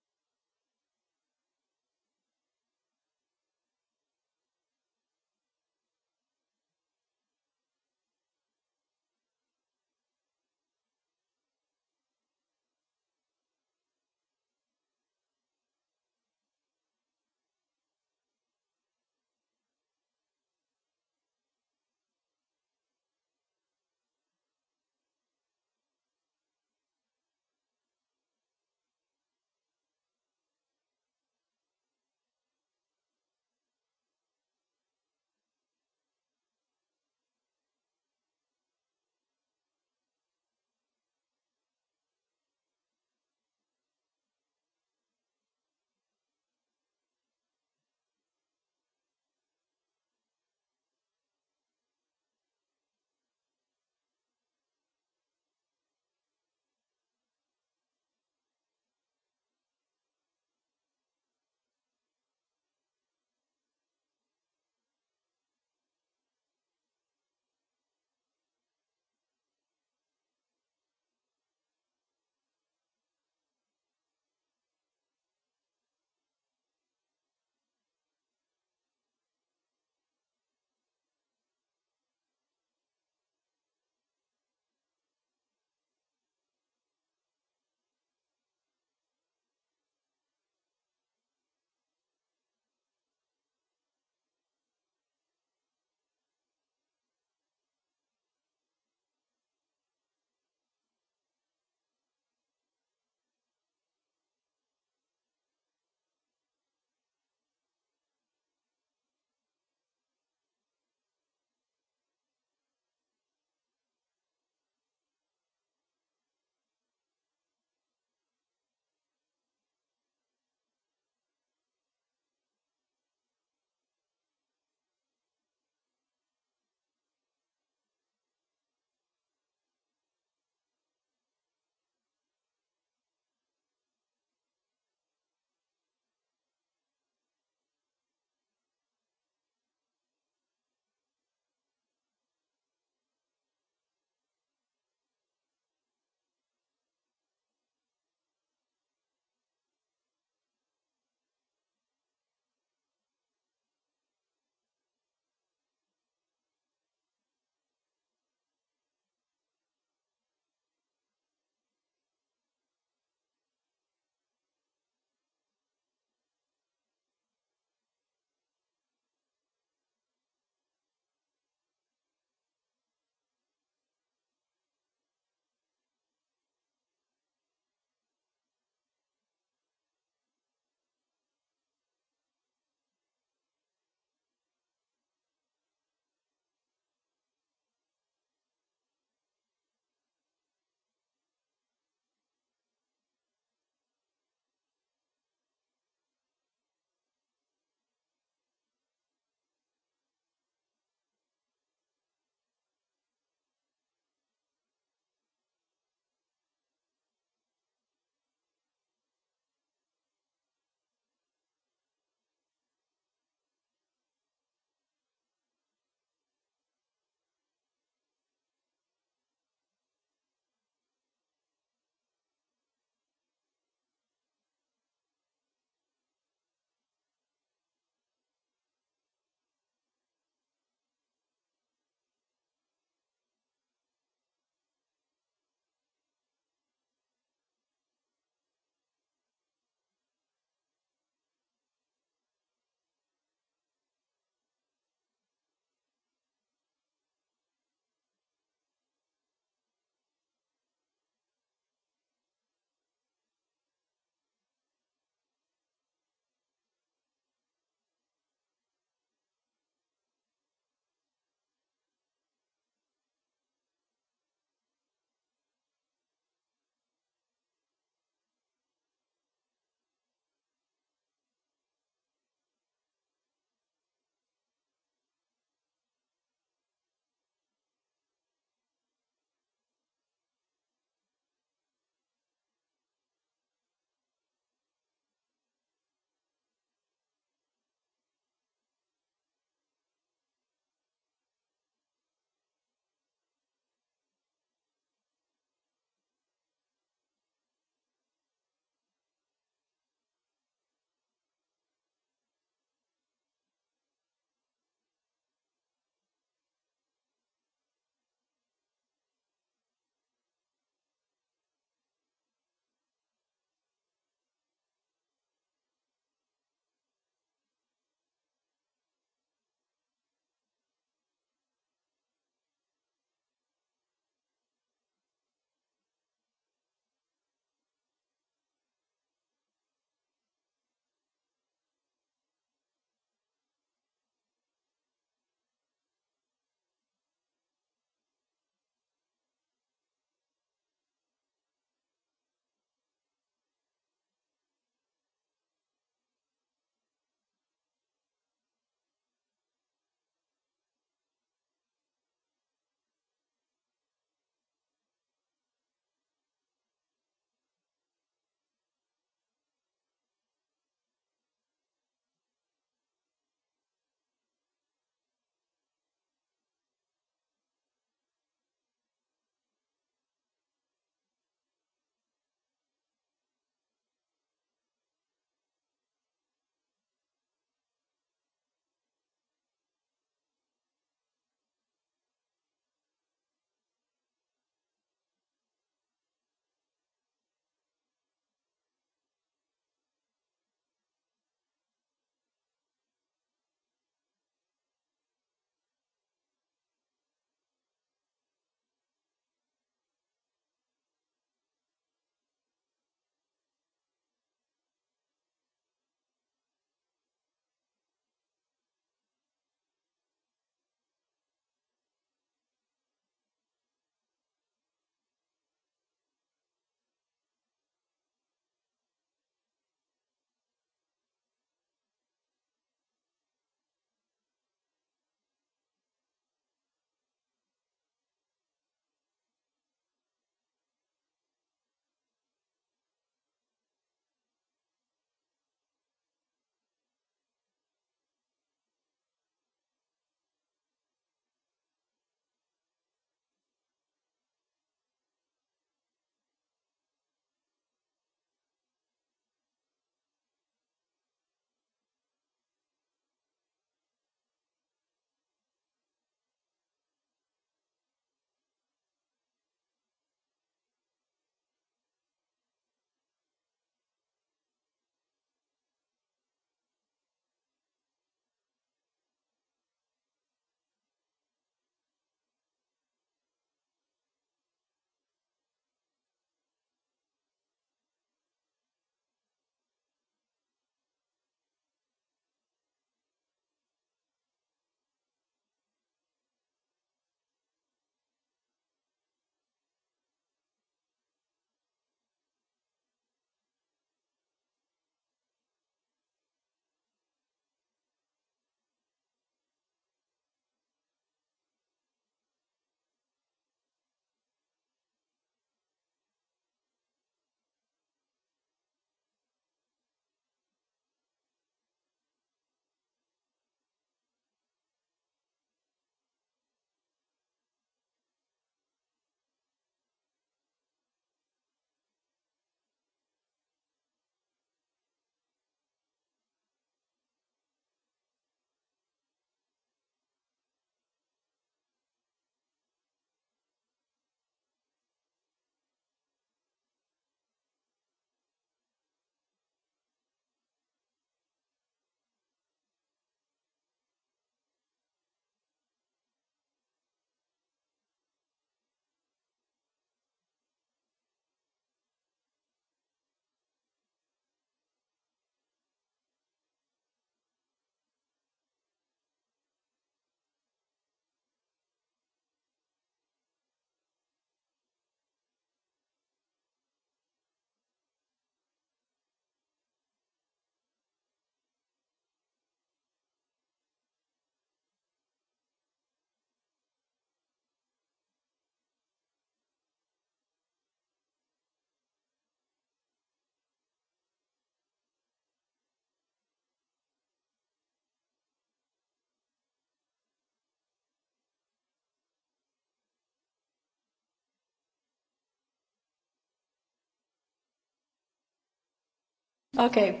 Okay.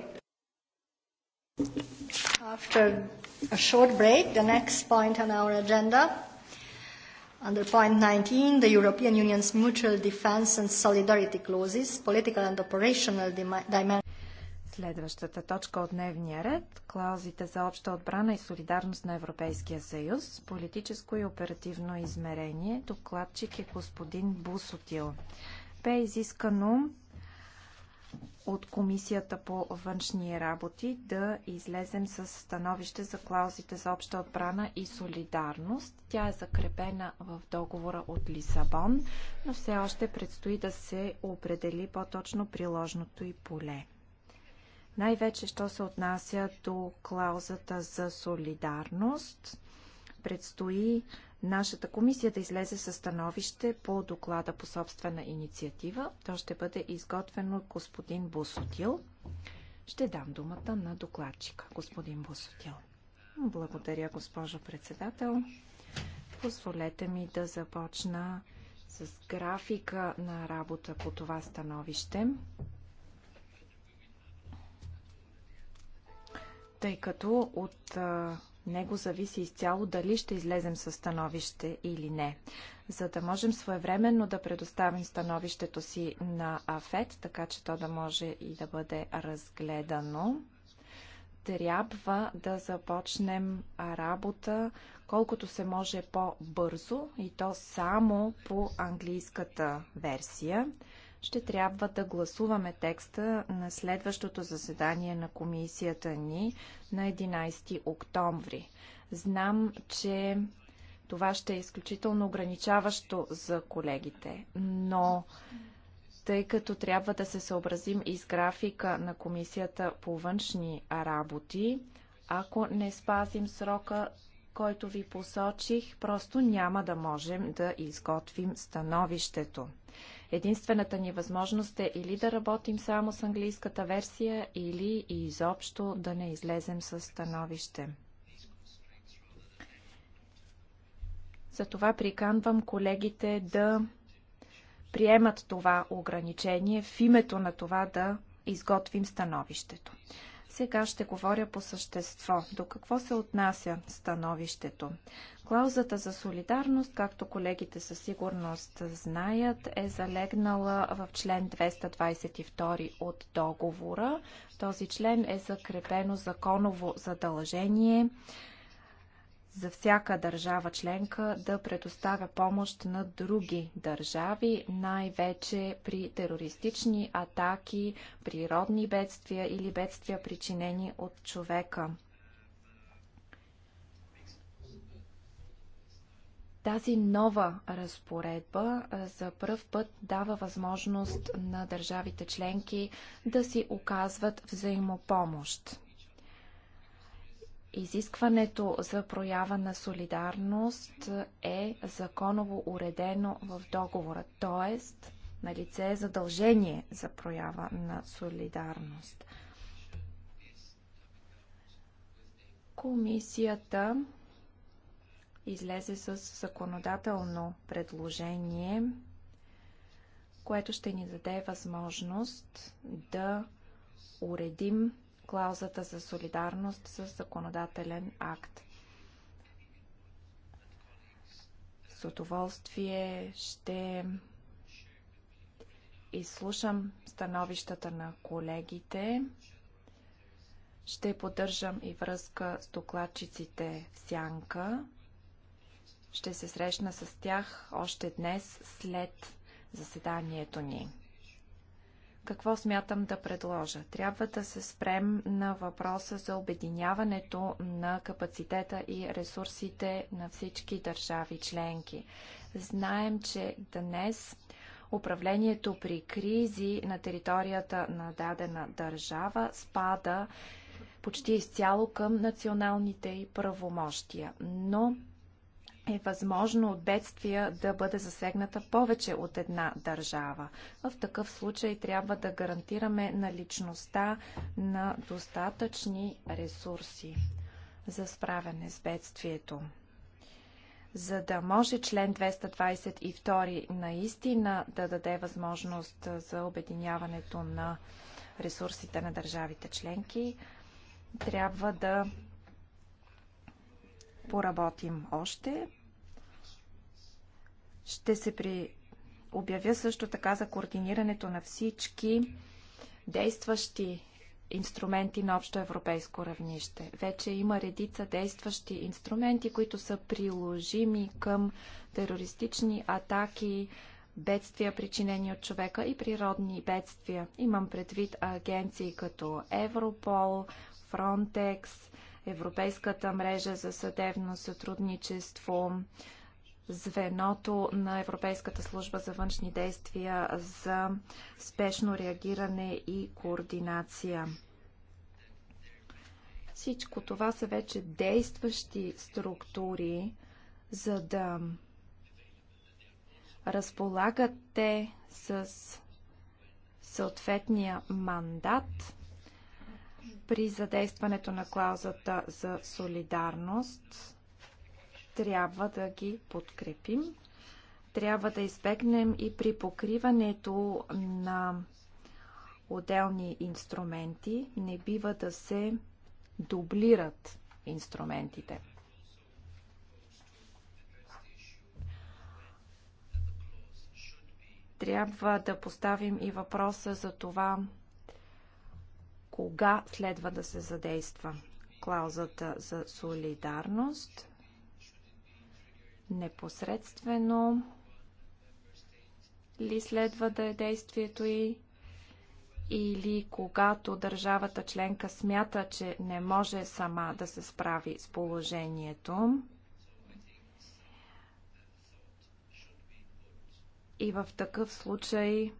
After a short break, the next point on our agenda, under point 19, the European Union's mutual defense and solidarity clauses, political and operational dimensions. Следващата точка от дневния ред – клаузите за обща отбрана и солидарност на Европейския съюз, политическо и оперативно измерение. Докладчик е господин Бусотил. Бе изискано от Комисията по външни работи да излезем с становище за клаузите за обща отбрана и солидарност. Тя е закрепена в договора от Лисабон, но все още предстои да се определи по-точно приложното и поле. Най-вече, що се отнася до клаузата за солидарност, предстои Нашата комисия да излезе със становище по доклада по собствена инициатива. То ще бъде изготвено от господин Босотил. Ще дам думата на докладчика, господин Босотил. Благодаря, госпожо председател. Позволете ми да започна с графика на работа по това становище. Тъй като от него зависи изцяло дали ще излезем със становище или не. За да можем своевременно да предоставим становището си на АФЕТ, така че то да може и да бъде разгледано, трябва да започнем работа колкото се може по-бързо и то само по английската версия ще трябва да гласуваме текста на следващото заседание на комисията ни на 11 октомври. Знам, че това ще е изключително ограничаващо за колегите, но тъй като трябва да се съобразим и с графика на комисията по външни работи, ако не спазим срока, който ви посочих, просто няма да можем да изготвим становището. Единствената ни възможност е или да работим само с английската версия, или и изобщо да не излезем с становище. Затова приканвам колегите да приемат това ограничение в името на това да изготвим становището. Сега ще говоря по същество. До какво се отнася становището? Клаузата за солидарност, както колегите със сигурност знаят, е залегнала в член 222 от договора. Този член е закрепено законово задължение за всяка държава членка да предоставя помощ на други държави, най-вече при терористични атаки, природни бедствия или бедствия причинени от човека. Тази нова разпоредба за пръв път дава възможност на държавите членки да си оказват взаимопомощ. Изискването за проява на солидарност е законово уредено в договора, т.е. на лице е задължение за проява на солидарност. Комисията излезе с законодателно предложение, което ще ни даде възможност да уредим клаузата за солидарност с законодателен акт. С удоволствие ще изслушам становищата на колегите. Ще поддържам и връзка с докладчиците в Сянка. Ще се срещна с тях още днес след заседанието ни. Какво смятам да предложа? Трябва да се спрем на въпроса за обединяването на капацитета и ресурсите на всички държави членки. Знаем, че днес управлението при кризи на територията на дадена държава спада почти изцяло към националните и правомощия. Но е възможно от бедствия да бъде засегната повече от една държава. В такъв случай трябва да гарантираме наличността на достатъчни ресурси за справяне с бедствието. За да може член 222 наистина да даде възможност за обединяването на ресурсите на държавите членки, трябва да поработим още. Ще се при... обявя също така за координирането на всички действащи инструменти на общо европейско равнище. Вече има редица действащи инструменти, които са приложими към терористични атаки, бедствия, причинени от човека и природни бедствия. Имам предвид агенции като Европол, Фронтекс, Европейската мрежа за съдебно сътрудничество, звеното на Европейската служба за външни действия за спешно реагиране и координация. Всичко това са вече действащи структури, за да разполагат те с съответния мандат при задействането на клаузата за солидарност трябва да ги подкрепим. Трябва да избегнем и при покриването на отделни инструменти. Не бива да се дублират инструментите. Трябва да поставим и въпроса за това кога следва да се задейства клаузата за солидарност непосредствено ли следва да е действието и или когато държавата членка смята, че не може сама да се справи с положението. И в такъв случай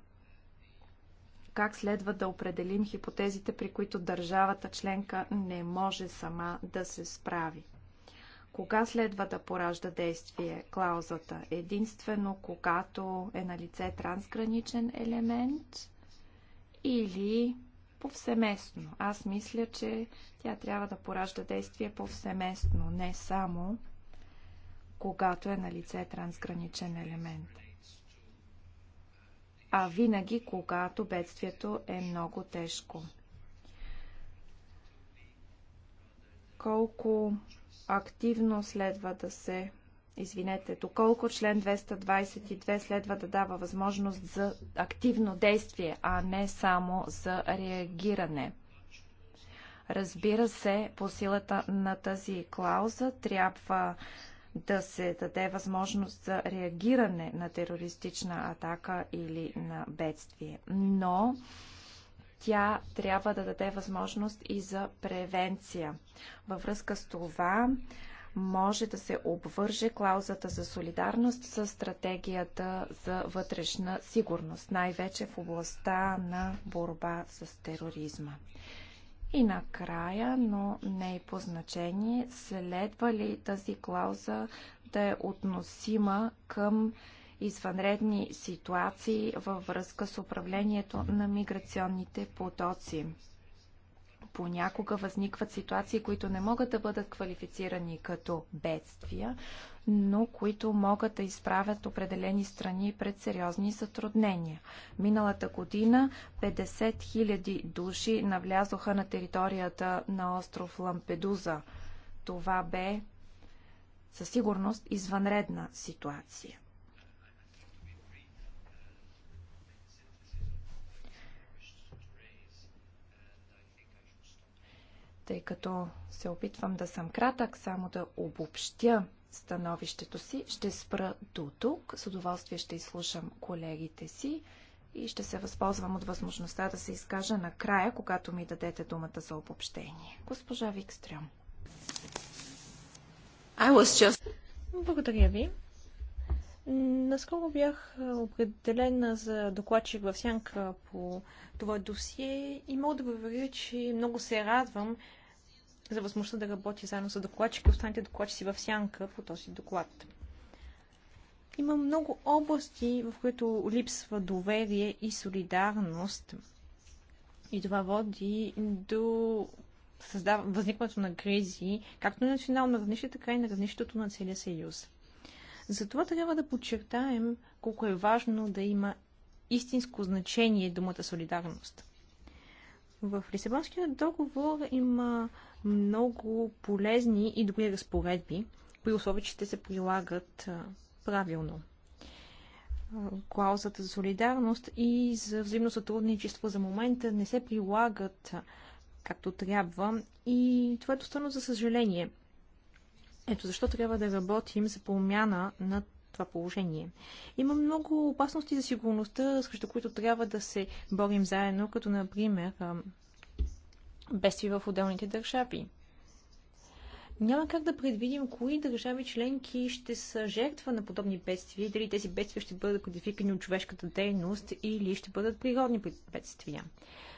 как следва да определим хипотезите, при които държавата членка не може сама да се справи. Кога следва да поражда действие клаузата? Единствено, когато е на лице трансграничен елемент или повсеместно. Аз мисля, че тя трябва да поражда действие повсеместно, не само когато е на лице трансграничен елемент а винаги, когато бедствието е много тежко. Колко активно следва да се Извинете, доколко член 222 следва да дава възможност за активно действие, а не само за реагиране. Разбира се, по силата на тази клауза трябва да се даде възможност за реагиране на терористична атака или на бедствие. Но тя трябва да даде възможност и за превенция. Във връзка с това може да се обвърже клаузата за солидарност с стратегията за вътрешна сигурност, най-вече в областта на борба с тероризма. И накрая, но не и е по значение, следва ли тази клауза да е относима към извънредни ситуации във връзка с управлението на миграционните потоци? Понякога възникват ситуации, които не могат да бъдат квалифицирани като бедствия, но които могат да изправят определени страни пред сериозни затруднения. Миналата година 50 000 души навлязоха на територията на остров Лампедуза. Това бе със сигурност извънредна ситуация. Тъй като се опитвам да съм кратък, само да обобщя становището си, ще спра до тук. С удоволствие ще изслушам колегите си и ще се възползвам от възможността да се изкажа накрая, когато ми дадете думата за обобщение. Госпожа Викстрем. Just... Благодаря ви. Наскоро бях определена за докладчик в Сянка по това досие и мога да ви че много се радвам за възможността да работя заедно с докладчик и останете докладчици в Сянка по този доклад. Има много области, в които липсва доверие и солидарност. И това води до създав... възникването на кризи, както на национално равнище, така и на равнището на целия съюз. Затова трябва да подчертаем колко е важно да има истинско значение думата солидарност. В Лисабонския договор има много полезни и добри разпоредби, при условие, че те се прилагат правилно. Клаузата за солидарност и за взаимно сътрудничество за момента не се прилагат както трябва и това е достойно за съжаление – ето защо трябва да работим за промяна на това положение. Има много опасности за сигурността, срещу които трябва да се борим заедно, като например бедствия в отделните държави. Няма как да предвидим кои държави членки ще са жертва на подобни бедствия, дали тези бедствия ще бъдат кодификани от човешката дейност или ще бъдат природни бедствия.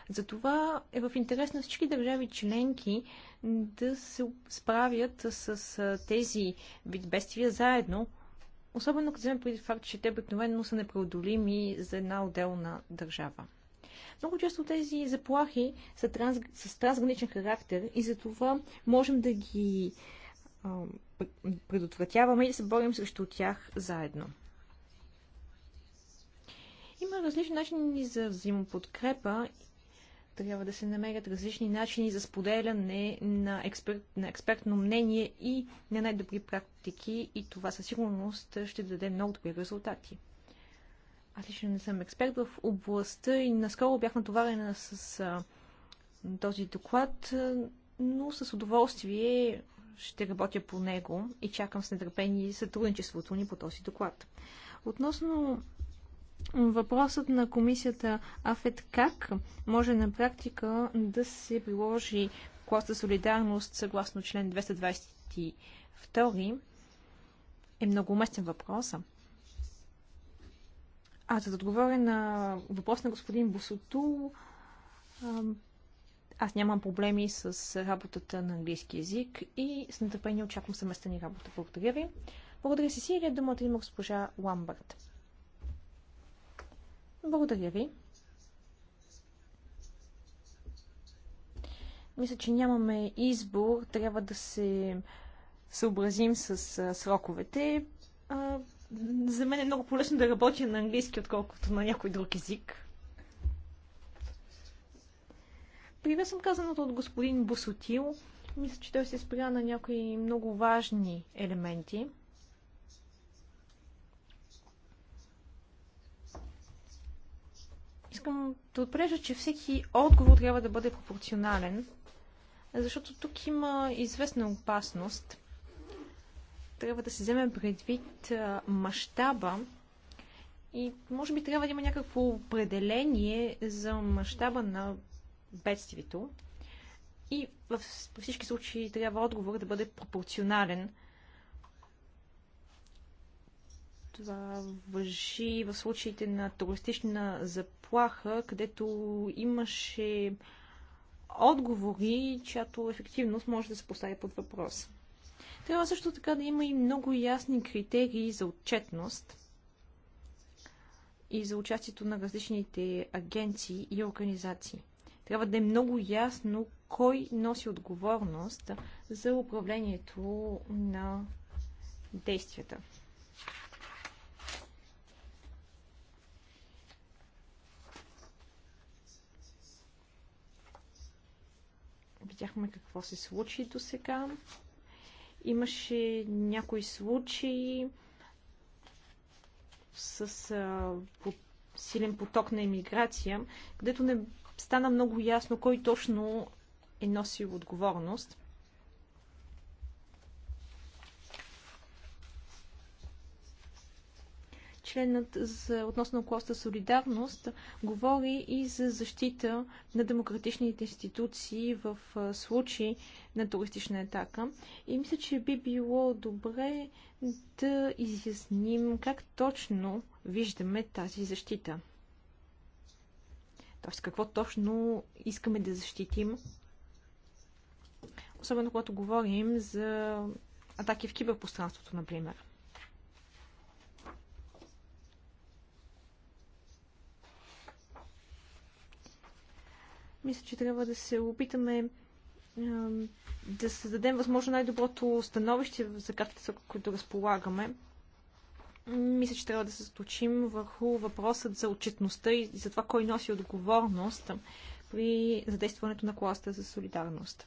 Затова е в интерес на всички държави членки да се справят с тези вид бедствия заедно, особено като вземем преди факт, че те обикновено са непреодолими за една отделна държава. Много често тези заплахи са транс, с трансграничен характер и затова можем да ги а, предотвратяваме и да се борим срещу тях заедно. Има различни начини за взаимоподкрепа трябва да се намерят различни начини за споделяне на, експерт, на експертно мнение и на най-добри практики и това със сигурност ще даде много добри резултати. Аз лично не съм експерт в областта и наскоро бях натоварена с а, този доклад, но с удоволствие ще работя по него и чакам с нетърпение сътрудничеството ни по този доклад. Относно Въпросът на комисията АФЕТ как може на практика да се приложи класа солидарност съгласно член 222 е много уместен въпрос. А за да отговоря на въпрос на господин Босоту, аз нямам проблеми с работата на английски язик и с нетърпение очаквам съместна ни работа. Благодаря ви. Благодаря, си, сирия Думата има госпожа Ламбърт. Благодаря ви. Мисля, че нямаме избор. Трябва да се съобразим с а, сроковете. А, за мен е много полезно да работя на английски, отколкото на някой друг език. Привесвам казаното от господин Босотил. Мисля, че той се спря на някои много важни елементи. Искам да отбележа, че всеки отговор трябва да бъде пропорционален, защото тук има известна опасност. Трябва да се вземе предвид мащаба и може би трябва да има някакво определение за мащаба на бедствието. И във всички случаи трябва отговор да бъде пропорционален това въжи в случаите на туристична заплаха, където имаше отговори, чиято ефективност може да се постави под въпрос. Трябва също така да има и много ясни критерии за отчетност и за участието на различните агенции и организации. Трябва да е много ясно кой носи отговорност за управлението на действията. видяхме какво се случи до сега. Имаше някои случаи с а, по, силен поток на иммиграция, където не стана много ясно кой точно е носил отговорност. членът за, относно коста солидарност говори и за защита на демократичните институции в случай на туристична атака. И мисля, че би било добре да изясним как точно виждаме тази защита. Тоест, какво точно искаме да защитим, особено когато говорим за атаки в киберпространството, например. Мисля, че трябва да се опитаме да създадем възможно най-доброто становище за картите, с които разполагаме. Мисля, че трябва да се сточим върху въпросът за отчетността и за това кой носи отговорност при задействането на класта за солидарност.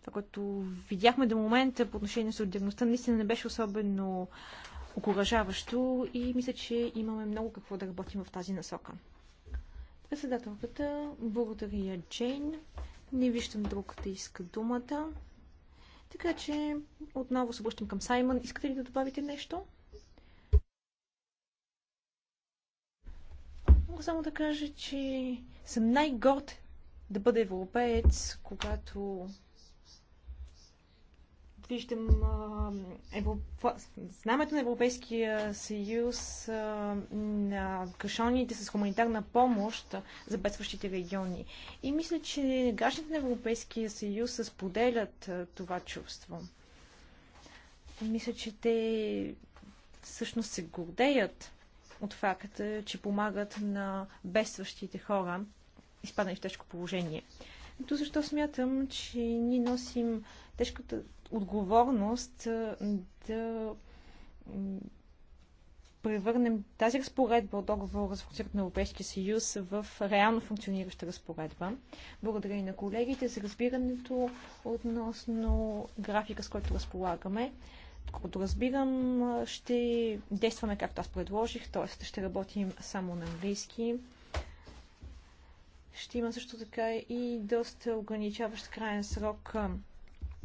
Това, което видяхме до момента по отношение на солидарността, наистина не беше особено окоръжаващо и мисля, че имаме много какво да работим в тази насока. Председателката, благодаря Джейн. Не виждам друг да иска думата. Така че отново се обръщам към Саймън. Искате ли да добавите нещо? Мога само да кажа, че съм най-горд да бъда европеец, когато виждам евро... знамето на Европейския съюз на кашоните с хуманитарна помощ за бедстващите региони. И мисля, че гражданите на Европейския съюз споделят това чувство. Мисля, че те всъщност се гордеят от факта, че помагат на бедстващите хора, изпаднали в тежко положение. Ето защо смятам, че ние носим тежката отговорност да превърнем тази разпоредба от договора за функционирането на Европейския съюз в реално функционираща разпоредба. Благодаря и на колегите за разбирането относно графика, с който разполагаме. Колкото разбирам, ще действаме както аз предложих, т.е. ще работим само на английски. Ще има също така и доста ограничаващ крайен срок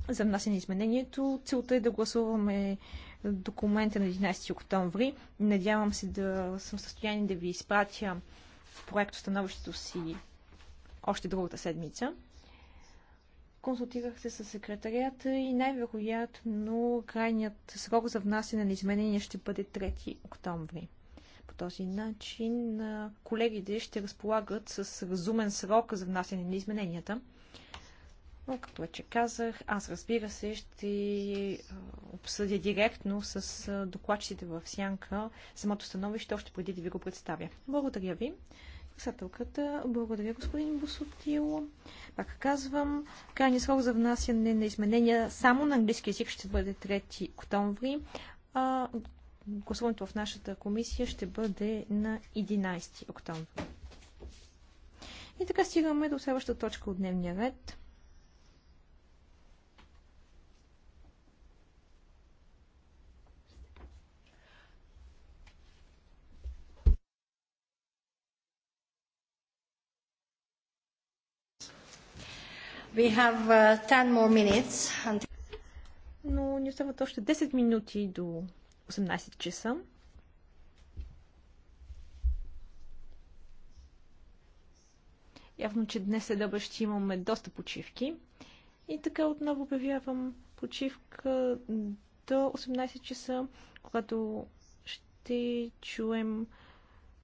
за внасяне изменението. Целта е да гласуваме документа на 11 октомври. Надявам се да съм в състояние да ви изпратя проект становището си още другата седмица. Консултирах се с секретарията и най-вероятно крайният срок за внасяне на изменения ще бъде 3 октомври. По този начин колегите ще разполагат с разумен срок за внасяне на измененията. Но, като вече казах, аз разбира се ще обсъдя директно с докладчите в Сянка самото становище, още преди да ви го представя. Благодаря ви. Председателката, благодаря господин Босотило. Пак казвам, крайният срок за внасяне на изменения само на английски язик ще бъде 3 октомври. А, гласуването в нашата комисия ще бъде на 11 октомври. И така стигаме до следващата точка от дневния ред. We have uh, 10 more minutes. Но ни остават още 10 минути до 18 часа. Явно, че днес след ще имаме доста почивки. И така отново обявявам почивка до 18 часа, когато ще чуем